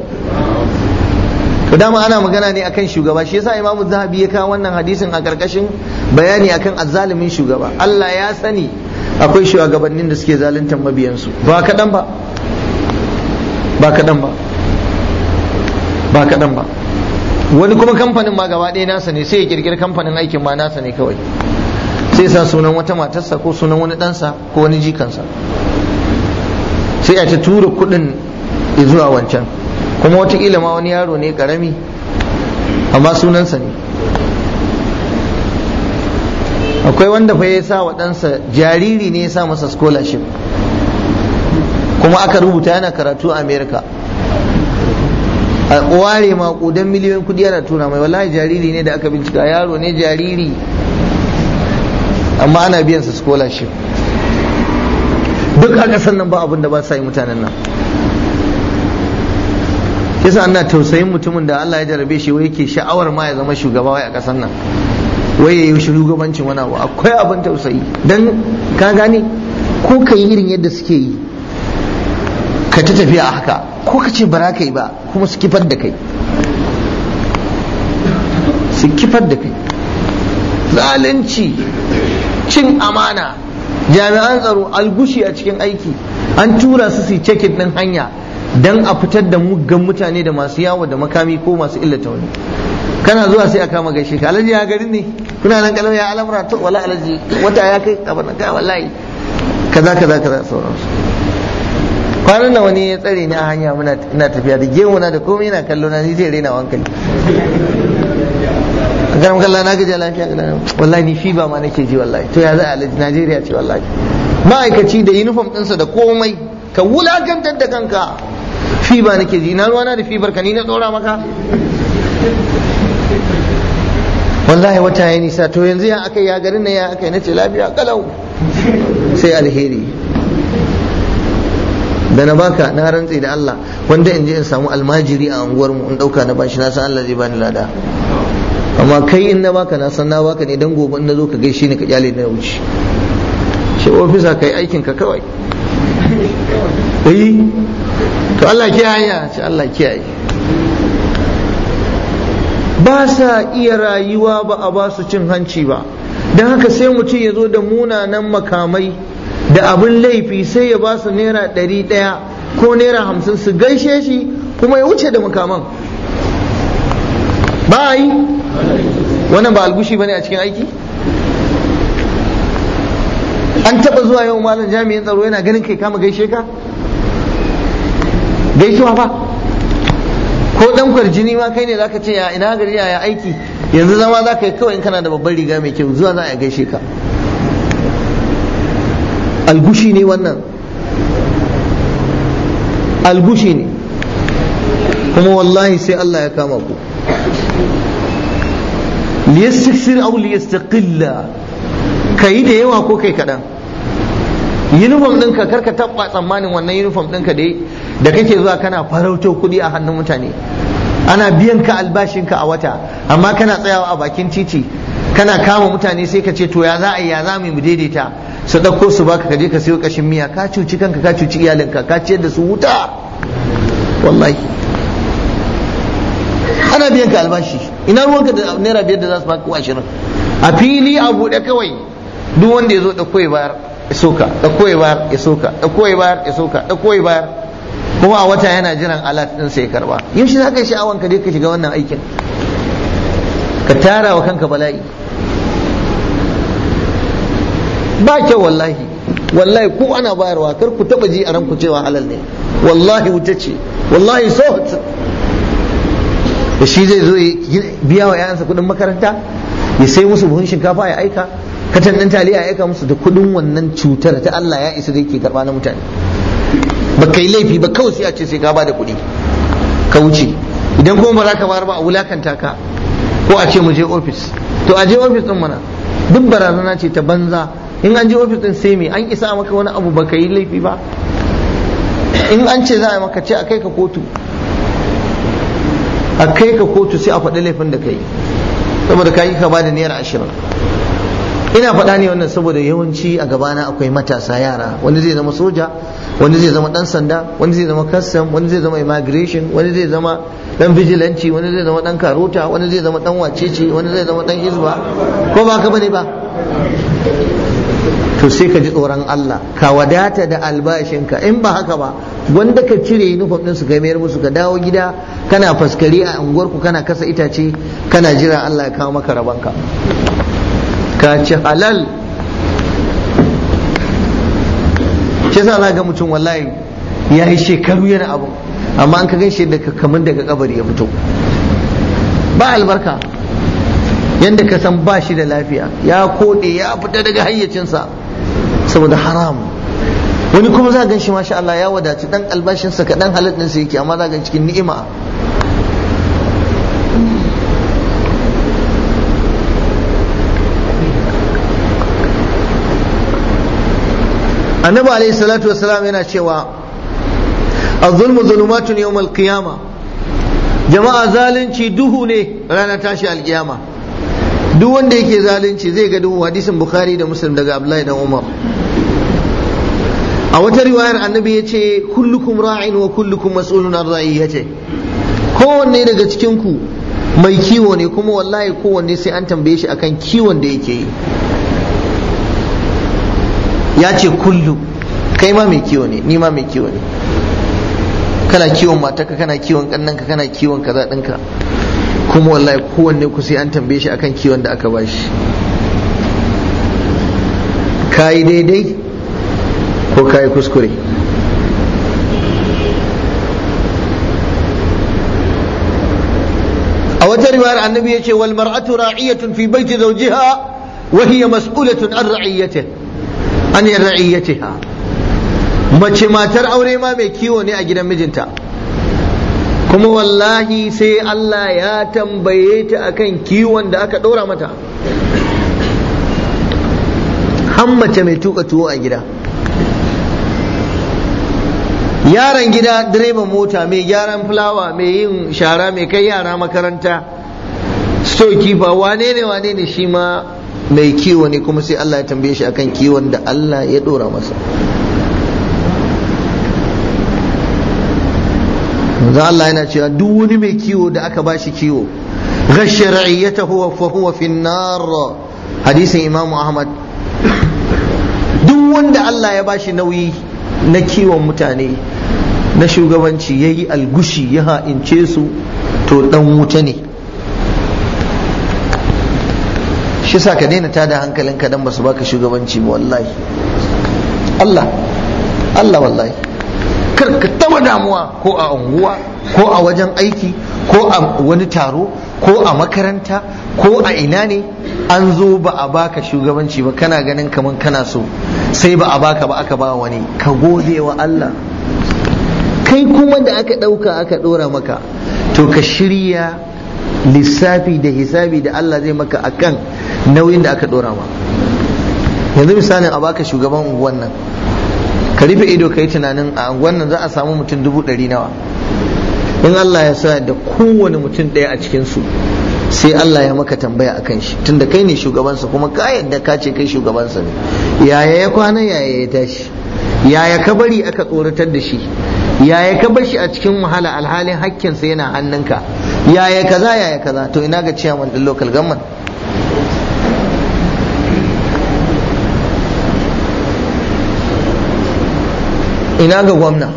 to dama ana magana ne akan shugaba shi yasa imamu zahabi ya kawo wannan hadisin a karkashin bayani akan azzalimin shugaba Allah ya sani akwai shugabannin da suke zaluntar mabiyansu ba kaɗan ba ba kaɗan ba ba kaɗan ba wani kuma kamfanin ma gaba ɗaya nasa ne sai ya kirkiri kamfanin aikin ma nasa ne kawai sai sa sunan wata matarsa ko sunan wani ɗansa ko wani jikansa sai a ta tura kuɗin zuwa wancan kuma watakila ma wani yaro ne ƙarami amma sunansa ne akwai wanda fa ya sa wa ɗansa jariri ne ya sa masa scholarship kuma aka rubuta yana karatu a america a ware maƙudan miliyoyin kudi yana tuna mai wallahi jariri ne da aka bincika yaro ne jariri amma ana biyan sa scholarship duk a ƙasar ba abin da ba sa yi mutanen nan yasa ana tausayin mutumin da Allah ya jarabe shi wai yake sha'awar ma ya zama shugaba wai a ƙasar nan waye ya shugabancin wani abu akwai abin tausayi dan ka gane ko ka yi irin yadda suke yi ka ta tafiya a haka ko ka ce bara ka yi ba kuma su kifar da kai su kifar da kai zalunci cin amana jami'an tsaro algushi a cikin aiki an tura su su cekin din hanya don a fitar da muggan mutane da masu yawo da makami ko masu illata wani kana zuwa sai a kama gaishe ka alaji ya garin ne kuna nan kalau ya al'amura to wala alaji wata ya kai kaban ka wallahi kaza kaza kaza su kwanan nan wani ya tsare ni a hanya muna ina tafiya da gemu na da komai ina kallo na ni zai rena hankali garin kallon na gaji lafiya ga wallahi ni fi ba ma nake ji wallahi to ya za a Najeriya ce wallahi ma'aikaci da uniform ɗinsa da komai ka wulakantar da kanka fi ba nake ji na ruwana da fibar ka ni na tsora maka wallahi wata ya nisa to yanzu ya aka ya garin ya aka nace lafiya kalau sai alheri da na baka na rantsi da Allah wanda in je in samu almajiri a unguwar mu in dauka na bashi na san Allah zai bani lada amma kai in na baka na san na baka ne dan gobe in nazo zo ka gaishe ni ka kyale na wuce shi ofisa kai aikin ka kawai eh to Allah kiyaye ce Allah kiyaye ba sa iya rayuwa ba a basu cin hanci ba don haka sai mutum ya zo da munanan makamai da abin laifi sai ya basu naira ɗari ɗaya ko naira hamsin su gaishe shi kuma ya wuce da makaman ba yi wannan ba algushi ba ne a cikin aiki an taɓa zuwa yau malam jami'in tsaro yana ganin kai kama gaishe ka Gaishewa ba ko dan kwarjini ma kai ne zaka ce ya ina gari ya aiki yanzu zama zaka yi kawai in kana da babbar riga mai kyau zuwa za a gaishe ka algushi ne wannan algushi ne kuma wallahi sai Allah ya kama ku liyastakhir aw liyastaqilla kai da yawa ko kai kadan uniform ɗinka karka taɓa tsammanin wannan uniform ɗinka dai da kake zuwa kana farauto kuɗi a hannun mutane ana biyan ka albashinka a wata amma kana tsayawa a bakin titi kana kama mutane sai ka ce to ya za a yi ya za mu mu daidaita su ɗauko su baka ka je ka sayo kashin miya ka cuci kanka ka cuci iyalinka ka ciyar da su wuta wallahi ana biyan ka albashi ina ruwanka da naira biyar da za su baka ko ashirin a fili a buɗe kawai duk wanda ya zo ɗauko ya bayar ya da ɗauko bayar ya soka ɗauko bayar ya soka bayar kuma a wata yana jiran alat din sai karba yaushe shi ka yi sha'awan ka dai ka shiga wannan aikin ka tara wa kanka bala'i ba kyau wallahi wallahi ko ana bayarwa kar ku taba ji a ranku cewa halal ne wallahi wuta ce wallahi soft da shi zai zo ya biya wa yayansa kudin makaranta ya sai musu buhun shinkafa ya aika katan ɗin taliya ya aika musu da kuɗin wannan cutar ta Allah ya isa da yake karɓa na mutane ba kai laifi ba kawai sai a ce sai ka bada kuɗi ka wuce idan kuma ba za ka bayar ba a wulakanta ka ko a ce mu je ofis to a je ofis din mana duk barazana ce ta banza in an je ofis din sai me an isa maka wani abu ba ka yi laifi ba in an ce za a maka ce a kai ka kotu a kai ka kotu sai a faɗi laifin da ka yi saboda ka yi ka bada naira ashirin ina faɗa ne wannan saboda yawanci a gabana akwai matasa yara wani zai zama soja wani zai zama ɗan sanda wani zai zama custom wani zai zama immigration wani zai zama ɗan vigilanci wani zai zama ɗan karota wani zai zama ɗan wacece wani zai zama ɗan hizba ko ba ka bane ba to sai ka ji tsoron Allah ka wadata da albashinka in ba haka ba wanda ka cire uniform din su ka mayar musu ka dawo gida kana faskari a unguwarku kana kasa itace kana jira Allah ya kawo maka rabanka ka ci halal kisa za ga mutum wallahi ya yi shekaru yana abu amma an ka gan shi daga kamar daga kabari ya fito ba albarka yadda ka san ba shi da lafiya ya koɗe ya fita daga hayyacinsa saboda haram wani kuma za gan shi masha Allah ya wadaci dan albashinsa kaɗan dan ɗinsa yake amma za gan cikin ni'ima annabi alaihi salatu wasalam yana cewa az-zulmu zulumatun yawm al-qiyama jama'a zalunci duhu ne ranar tashi alkiyama duk wanda yake zalunci zai ga duhu hadisin bukhari da muslim daga abdullahi dan umar a wata riwayar annabi ya ce kullukum ra'in wa kullukum mas'ulun an ra'i ya ce kowanne daga cikin ku mai kiwo ne kuma wallahi kowanne sai an tambaye shi akan kiwon da yake yi ya ce kullu kai ma mai kiwo ne ni ma mai kiwo ne kana kiwon matarka kana kiwon kannanka kana kiwon kaza kuma wallahi kowanne ku sai an tambaye shi akan kiwon da aka bashi kayi daidai ko kayi kuskure a wata riwayar annabi ya ce wal mar'atu ra'iyatun fi baiti zawjiha wa hiya mas'ulatun an ra'iyatiha an ha. mace matar aure ma mai kiwo ne a gidan mijinta kuma wallahi sai Allah ya tambaye ta akan kiwon da aka ɗora mata mace mai tuka tuwo a gida Yaran gida direban mota mai gyaran fulawa mai yin shara mai kai yara makaranta stoki ba wane ne wane ne shi ma mai kiwo ne kuma sai Allah ya tambaye shi akan kiwon da Allah ya dora masa manzo Allah yana cewa duk wani mai kiwo da aka bashi kiwo ghashya ra'iyatahu fa huwa fi nar hadisin Imam Ahmad duk wanda Allah ya bashi nauyi na kiwon mutane na shugabanci yayi algushi ya ha'ince su to dan wuta ne shi sa ka daina tada hankalin ka dan ba su baka shugabanci ba wallahi Allah Allah wallahi kar ka taba damuwa ko a unguwa ko a wajen aiki ko a wani taro ko a makaranta ko a ina ne an zo ba a baka shugabanci ba kana ganin kaman kana so sai ba a baka ba aka ba wani ka gode wa Allah kai kuma da aka ɗauka aka ɗora maka to ka shirya lissafi da hisabi da Allah zai maka akan nauyin da aka dora ma yanzu misalin a baka shugaban unguwan nan ka rufe ido ka yi tunanin a unguwan nan za a samu mutum dubu ɗari nawa in Allah ya sa da kowane mutum ɗaya a cikinsu sai Allah ya maka tambaya a kan shi tunda kai ne shugabansa kuma ka yadda ka ce kai shugabansa ne yaya ya kwana yaya ya tashi yaya ka bari aka tsoratar da shi yaya ka bar shi a cikin wahala alhalin hakkin sa yana hannunka yaya kaza yaya kaza to ina ga ciyaman ɗin lokal gamman ina ga gwamna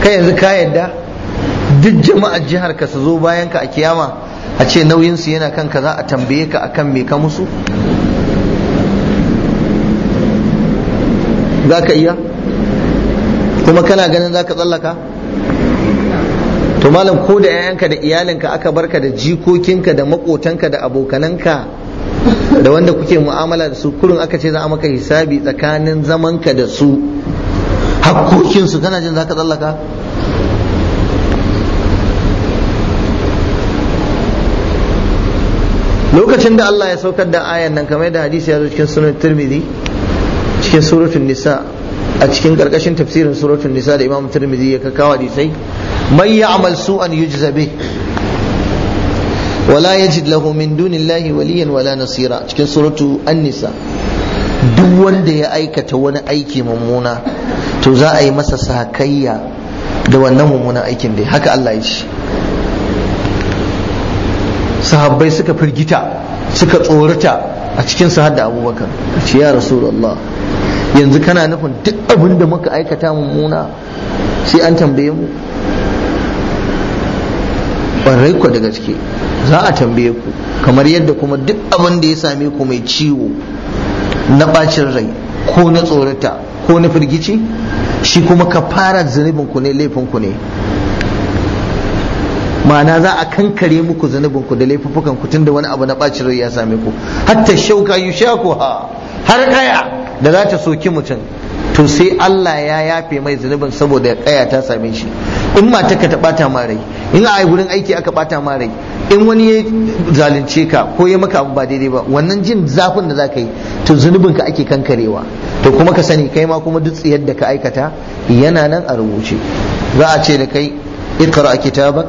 kai yanzu ka yadda duk jama'ar jihar ka su zo bayan ka a kiyama a ce nauyinsu yana kan ka za a tambaye ka akan me ka musu za ka iya kuma kana ganin za ka tsallaka to malam ko da 'ya'yanka da iyalinka aka barka da jikokinka da makotanka da abokananka da wanda kuke mu'amala da su kurin aka ce za a maka hisabi tsakanin zamanka da su hakkokinsu kana jin za ka tsallaka lokacin da Allah ya saukar da ayan nan kamar da hadisi ya zo cikin sunan tirmidhi cikin suratul nisa a cikin karkashin tafsirin suratun nisa da imam tirmidhi ya kawo hadisai ya amal su'an yujza wala yajid lahu min dunillahi waliyan wala nasira cikin suratu an-nisa duk wanda ya aikata wani aiki mummuna to za a yi masa sakayya da wannan mummunan aikin dai haka Allah ya ce sahabbai suka firgita suka tsorata a cikin su hadda abubakar ce ya rasulullah yanzu kana nufin duk abin da muka aikata mummuna sai an tambaye mu Ban ku da gaske za a tambaye ku kamar yadda kuma duk abin da ya same ku mai ciwo na bacin rai ko na tsorata ko na firgici shi kuma ka fara zunubin ku ne laifin ku ne ma'ana za a kankare muku zunubin ku da laifukan ku tunda wani abu na bacin rai ya same ku hatta shauka ha har kaya da za ta soki mutum to sai Allah ya yafe mai zunubin saboda kaya ta same shi in matarka ta bata ma rai in a gurin aiki aka bata ma rai in wani ya zalunce ka ko ya maka abu ba daidai ba wannan jin zafin da zaka yi to zunubin ka ake kankarewa to kuma ka sani kai ma kuma duk yadda ka aikata yana nan a rubuce za a ce da kai ikra kitabak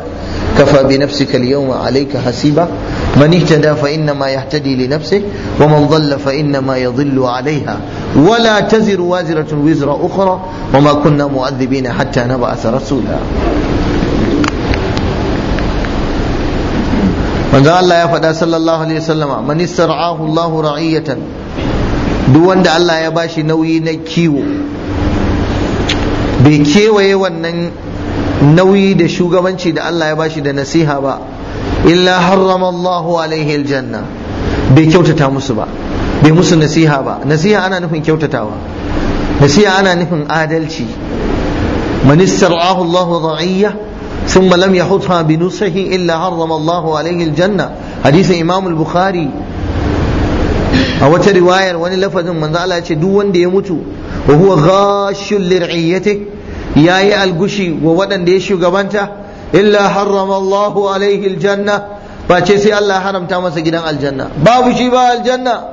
كفى بنفسك اليوم عليك حسيبا من اهتدى فإنما يهتدي لنفسه ومن ضل فإنما يضل عليها ولا تزر وازرة وزر أخرى وما كنا مؤذبين حتى نبعث رسولا manzo Allah ya faɗa sallallahu alaihi wasallama man istar'ahu Allah ra'iyatan duk wanda Allah ya bashi nauyi na kiwo bai kewaye wannan nauyi da shugabanci da Allah ya bashi da nasiha ba illa harrama Allahu alaihi aljanna bai kyautata musu ba bai musu nasiha ba nasiha ana nufin kyautatawa nasiha ana nufin adalci man istar'ahu Allahu dha'iyya ثم لم يحطها بنصحه إلا حرم الله عليه الجنة حديث a wata riwayar wani lafazin manzo Allah ya ce duk wanda ya mutu wa huwa ghashul lir'iyati ya yi algushi wa waɗanda ya shugabanta illa harrama Allahu alaihi aljanna ba ce sai Allah haramta masa gidan aljanna babu shi ba aljanna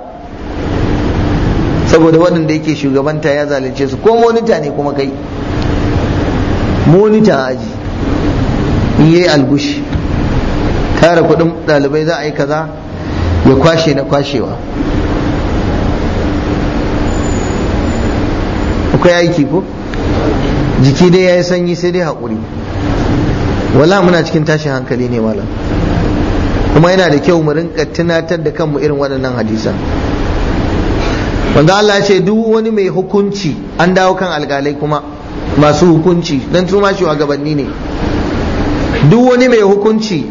saboda waɗanda yake shugabanta ya zalunce su ko monita ne kuma kai monita aji in yi algushi tara kuɗin ɗalibai za a yi kaza ya kwashe na kwashewa akwai aiki ko jiki dai yayi sanyi sai dai haƙuri wala muna cikin tashin hankali ne malam kuma yana da kyau mu rinka tunatar da kanmu irin waɗannan hadisa wanda Allah ce duk wani mai hukunci an dawo kan alƙalai kuma masu hukunci don su wa gabanni ne duk wani mai hukunci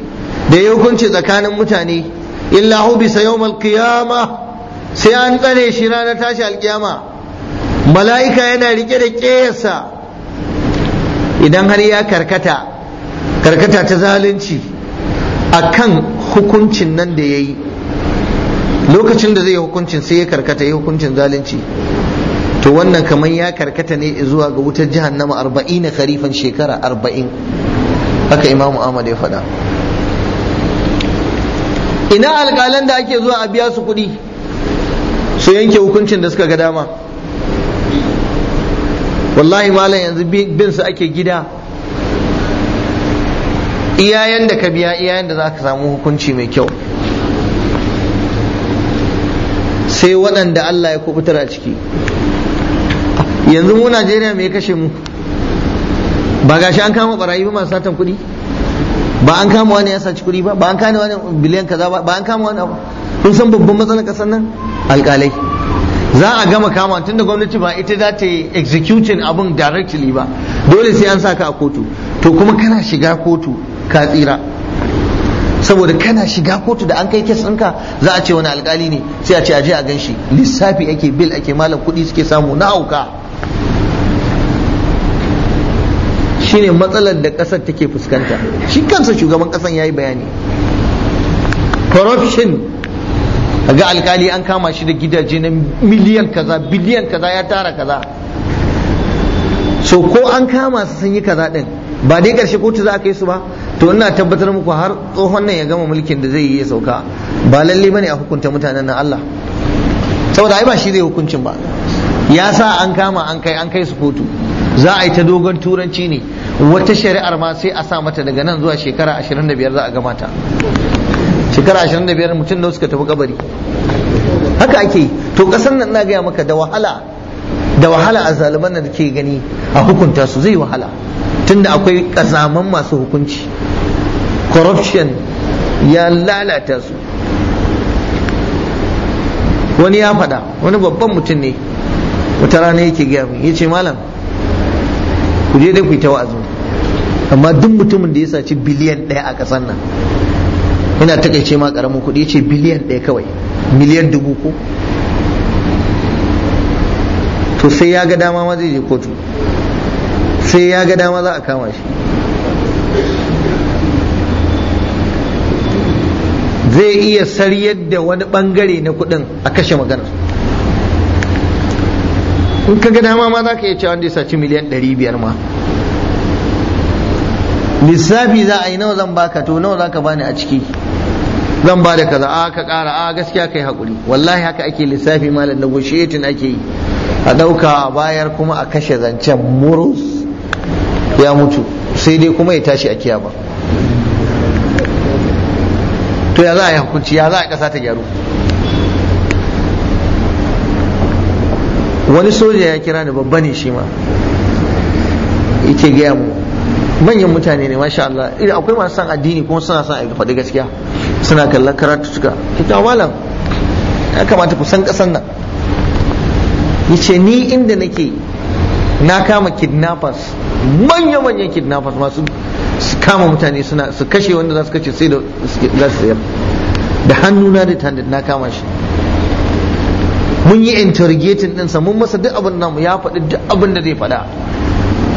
da ya hukunci tsakanin mutane illa hubisa yau malkiyama sai an tsare shi ranar tashi alkiyama mala'ika yana rike da ƙesa idan har ya karkata karkata ta zalunci a kan hukuncin nan da ya yi lokacin da zai hukuncin sai ya karkata ya hukuncin zalunci to wannan kamar ya karkata ne zuwa ga wutar jahannama na karifan shekara arba'in haka imamu ahmad ya faɗa ina alƙalan da ake zuwa a biya su kuɗi su yanke hukuncin da suka ga dama wallahi malam yanzu bin su ake gida iyayen da ka biya iyayen da za ka samu hukunci mai kyau sai waɗanda Allah ya kubutar a ciki yanzu mu Najeriya mai kashe mu ba gashi an kama barayi ba masu satan kuɗi ba an kama wani ya saci kuɗi ba ba an kama wani biliyan kaza ba ba an kama wani kun san babban matsalar ƙasar nan alƙalai za a gama kama tun da gwamnati ba ita za ta yi executing abin directly ba dole sai an saka a kotu to kuma kana shiga kotu ka tsira saboda kana shiga kotu da an kai kes ɗinka za a ce wani alkali ne sai a ce aje a gan shi lissafi ake bil ake malam kuɗi suke samu na auka shine matsalar da ƙasar take fuskanta shi kansa shugaban ƙasar ya yi bayani corruption ga alkali an kama shi da gidaje na miliyan kaza biliyan kaza ya tara kaza so ko an kama su sun yi kaza din ba dai karshe kotu za a kai su ba to ina tabbatar muku har tsohon nan ya gama mulkin da zai yi ya sauka ba lalle bane a hukunta mutanen nan Allah saboda ai ba shi zai hukuncin ba ya sa an kama an kai an kai su kotu za a yi ta dogon turanci ne wata shari'ar ma sai a sa mata daga nan zuwa shekara 25 za a gama ta shekara biyar mutum da suka tafi kabari haka ake to kasar nan na gaya maka da wahala da wahala a zaliman da ke gani a hukunta su zai wahala tunda akwai kazaman masu hukunci corruption ya lalata su wani ya faɗa wani babban mutum ne wata rana yake gaya min yace malam ku je dai ku yi ta wa'azi amma duk mutumin da ya saci biliyan ɗaya a ƙasar nan ina takaice ma karamin kuɗi ya ce biliyan ɗaya kawai miliyan dubu ko to sai ya ga dama ma zai je kotu sai ya ga dama za a kama shi zai iya sariyar da wani bangare na kuɗin a kashe maganar in ka ga dama ma za ka iya cewa wanda ya saci miliyan 500 ma lissafi za a yi nawa zan baka to nawa zaka bani a ciki zan ba da kaza a ka kara a gaskiya kai hakuri wallahi haka ake lissafi malam negotiating ake yi a dauka a bayar kuma a kashe zancen murus ya mutu sai dai kuma ya tashi a kiyama to ya za a yi hukunci ya za a kasa ta gyaru wani soja ya kira ni babba ne shi ma yake gaya mu manyan mutane ne masha Allah idan akwai masu san addini kuma suna son a faɗi gaskiya suna kallon karatu suka kita malam ya kamata ku san ƙasan nan yace ni inda nake na kama kidnappers manya manyan kidnappers masu su kama mutane suna su kashe wanda za su kashe sai da za su sayar da hannuna da tandin na kama shi mun yi interrogating sa, mun masa duk abin nan ya faɗi duk abin da zai faɗa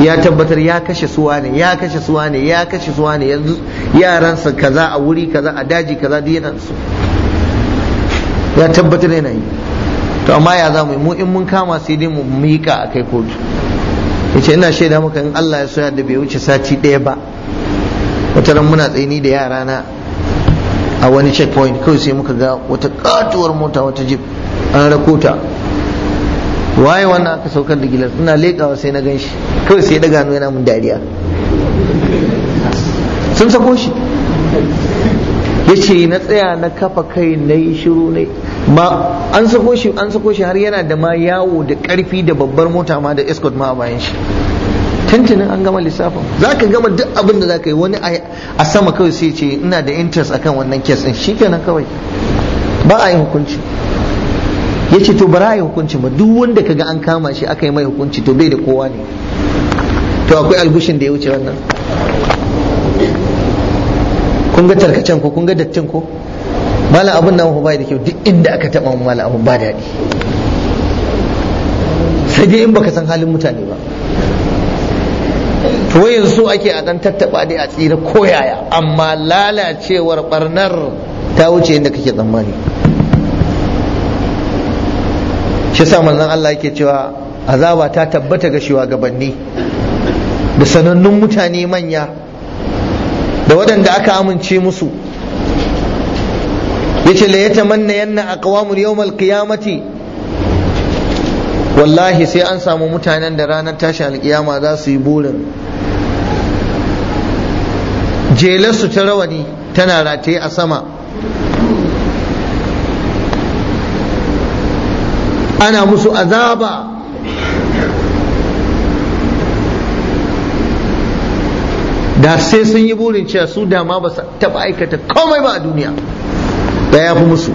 ya tabbatar ya kashe suwa ne ya kashe suwa ne ya kashe suwa ne yanzu yaransa kaza a wuri kaza a daji kaza su ya tabbatar yana yi to amma ya za mu mu in mun kama sai dai mu miƙa a kai kotu yace ina shaida maka in Allah ya soya da bai wuce sati ɗaya ba wata ran muna tsaini da yara na a wani checkpoint kawai sai muka ga wata katuwar mota wata jeep an rakota waye wannan aka saukar da gilas ina leƙawa sai na gan shi kawai sai daga hannu yana mun dariya sun sako shi ya ce na tsaya na kafa kai na yi shiru ne ma an sako shi an sako shi har yana da ma yawo da karfi da babbar mota ma da escort ma a bayan shi tuntunin an gama lissafin za ka gama duk abin da za ka yi wani a sama kawai sai ce ina da interest akan wannan kes Shi shikenan kawai ba a yi hukunci ya ce to bara hukunci ba duk wanda kaga an kama shi aka yi mai hukunci to bai da kowa ne to akwai algushin da ya wuce wannan kun ga tarkacen ko kun ga dattin ko mala abun nan ba da kyau duk inda aka taba mu mala abun ba daɗi sai dai in baka san halin mutane ba to yanzu ake a dan tattaba dai a tsira koyaya amma lalacewar barnar ta wuce inda kake tsammani shi yasa manzon Allah yake cewa azaba ta tabbata ga shugabanni da sanannun mutane manya da waɗanda aka amince musu yace la yatamanna yanna aqwamul yawmal qiyamati wallahi sai an samu mutanen da ranar tashi alkiyama za su yi burin jelarsu ta rawani tana rataye a sama ana musu azaba da sai sun yi burin cewa su dama ba su taɓa aikata komai ba a duniya da ya fi musu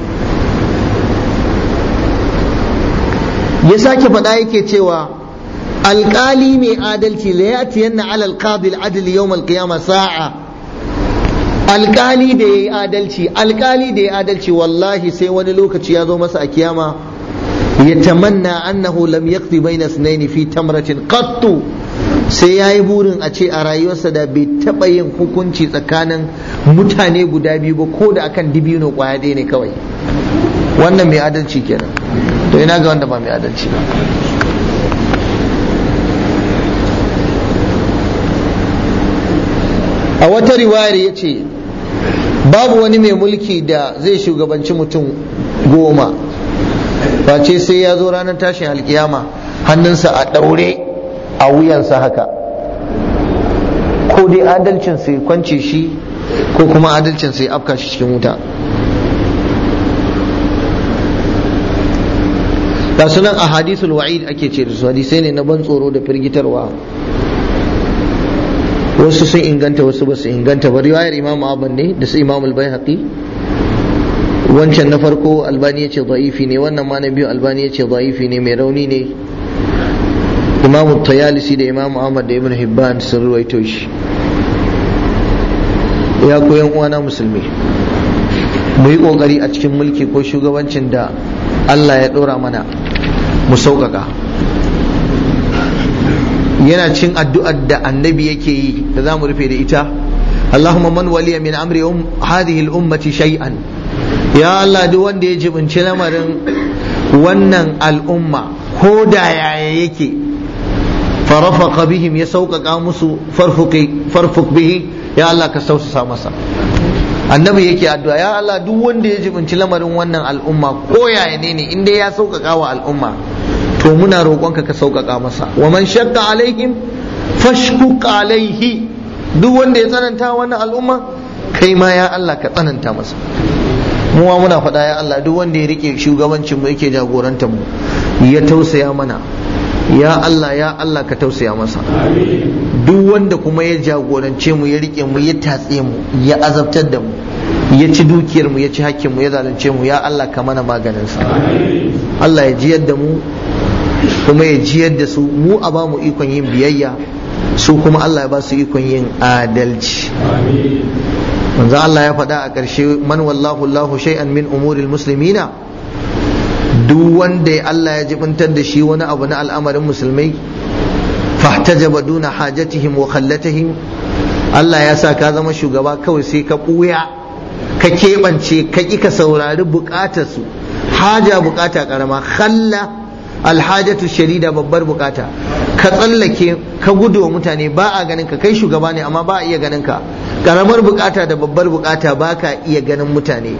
ya sake faɗa yake cewa alƙali mai adalci la ya tiyanna alal qadil adl yawm al sa'a alƙali da yayi adalci alƙali da yayi adalci wallahi sai wani lokaci ya zo masa a kiyama yatamanna annahu lam yaqdi baina sunaini fi tamratin qattu sai ya yi burin a ce a rayuwarsa da bai taɓa yin hukunci tsakanin mutane guda biyu ba ko da akan dibino kwaya ɗaya ne kawai wannan mai adalci kenan to ina ga wanda ba mai adalci ba a wata riwayar ya ce babu wani mai mulki da zai shugabanci mutum goma face sai ya zo ranar tashin alkiyama hannunsa a ɗaure a wuyansa haka ko dai adalcin sai kwance shi ko kuma adalcin sai afka shi cikin wuta ga sunan a hadisul wa'id ake ce da su hadisai ne na ban tsoro da firgitarwa wasu sun inganta wasu ba su inganta ba riwayar imamu aban ne da su imamu bai wancan na farko albani ya ce da'ifi ne wannan ma na biyu albani ya ce da'ifi ne mai rauni ne imamu tayalisi da imamu ahmad da ibn hibban sun ruwaito shi ya koyan uwana musulmi mu yi kokari a cikin mulki ko shugabancin da allah ya ɗora mana mu sauƙaƙa yana cin addu'ar da annabi yake yi da za mu rufe da ita man من ولي amri أمر هذه shai'an ya Allah duk wanda ya jibinci lamarin wannan al'umma ko da yaya yake farfaka bihim ya sauƙaƙa musu farfuk bihi ya Allah ka masa annabi yake addu'a ya Allah duk wanda ya jibinci lamarin wannan al'umma ko yaya ne ne inda ya sauƙaƙa wa al'umma to muna roƙonka ka sauƙaƙa masa wa man shakka alaihim fashkuk alaihi duk wanda ya tsananta wannan al'umma kai ma ya Allah ka tsananta masa mu ma muna faɗa ya Allah duk wanda ya rike shugabancin mu yake jagorantar mu ya tausaya mana ya Allah ya Allah ka tausaya masa duk wanda kuma ya jagorance mu ya rike mu ya tatse mu ya azabtar da mu ya ci dukiyar mu ya ci hakkin mu ya zalunce mu ya Allah ka mana maganin sa Allah ya jiyar da mu kuma ya jiyar da su mu a ba mu ikon yin biyayya su kuma Allah ya ba su ikon yin adalci manzo Allah ya faɗa a ƙarshe man wallahu Allahu shay'an min umuril muslimina duk wanda Allah ya jibintar da shi wani abu na al'amarin musulmai fahtajaba duna hajatihim wa khallatihim Allah ya sa ka zama shugaba kawai sai ka ɓuya ka keɓance ka ƙi ka saurari buƙatarsu haja buƙata ƙarama khalla alhajatu sharida babbar bukata ka tsallake ka gudu wa mutane ba a ganin ka kai shugaba ne amma ba a iya ganin ka karamar bukata da babbar bukata ba ka iya ganin mutane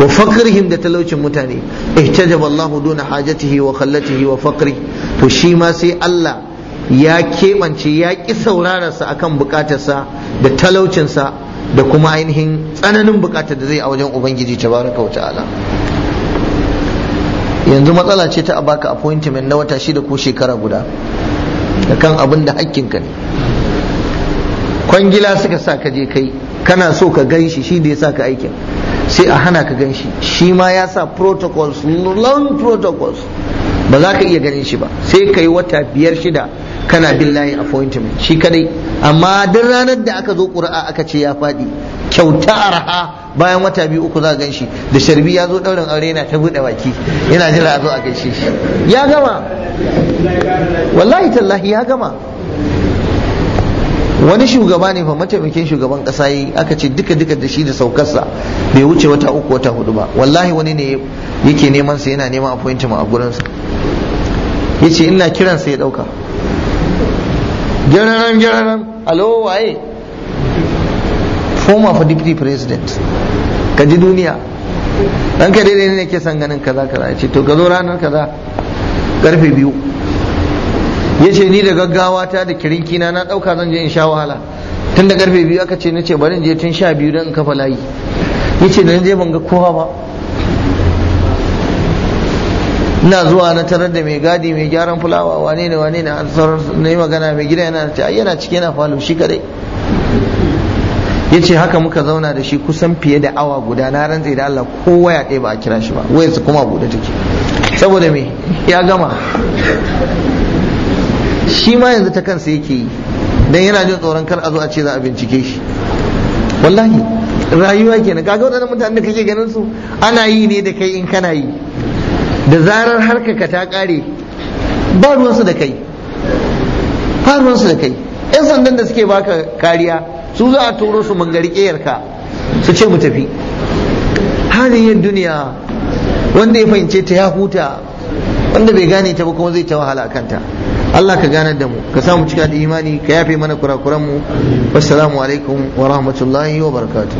wa fakrihim da talaucin mutane ihtajaba Allah duna hajatihi wa khallatihi wa faqri to shi ma sai Allah ya kebance ya ki saurararsa akan bukatarsa da talaucinsa da kuma ainihin tsananin bukatar da zai a wajen ubangiji tabaraka wa ta'ala yanzu matsala ce ta a baka appointment na wata shida ko shekara guda da kan abin da hakkinka ne kwangila suka sa ka je kai kana so ka gan shi shi da ya sa ka aikin sai a hana ka gan shi shi ma ya sa protocols long protocols ba za ka iya ganin shi ba sai ka yi wata biyar shida kana bin layin appointment shi kadai amma duk ranar da aka zo ƙuri'a aka ce ya faɗi kyauta raha. bayan wata biyu uku za a ganshi da sharbi ya zo ɗaurin aure yana ta buɗe baki yana jira a zo a gaishe shi ya gama wallahi tallahi ya gama wani shugaba ne fa mataimakin shugaban kasa yi aka ce duka duka da shi da saukarsa bai wuce wata uku wata hudu ba wallahi wani ne yake neman sa yana neman appointment a gurinsa yace ina kiransa ya dauka Gararan gararan alo waye former for deputy president ka ji duniya dan ka daidai ne ke san ganin kaza kaza ya ce to ka zo ranar kaza karfe biyu ya ce ni da gaggawa ta da kirinki na na dauka zan je in sha wahala tun da karfe biyu aka ce ni ce bari in je tun sha biyu don in kafa layi ya ce dan je ban ga kowa ba ina zuwa na tarar da mai gadi mai gyaran fulawa wane ne wane ne an sauran na yi magana mai gida yana ce ai yana cike yana falo shi kadai ya ce haka muka zauna da shi kusan fiye da awa guda na rantse da Allah ko waya ɗaya ba a kira shi ba wayarsa kuma buɗe take saboda me ya gama shi ma yanzu ta kansa yake yi dan yana jin tsoron kar a zo a ce za a bincike shi wallahi rayuwa kenan kaga waɗannan mutanen da kake ganin su ana yi ne da kai in kana yi da zarar harka ka ta ƙare ba ruwansu da kai ba ruwansu da kai 'yan sandan da suke baka kariya su za a turo su mangarƙiyarka su ce mu tafi halin duniya wanda ya fahimce ta ya huta wanda bai gane ta ba kuma zai ta wahala kanta Allah ka gane da mu ka samu cika da imani ka yafe mana kurakuran mu wassalamu alaikum wa rahmatullahi wa barakatuh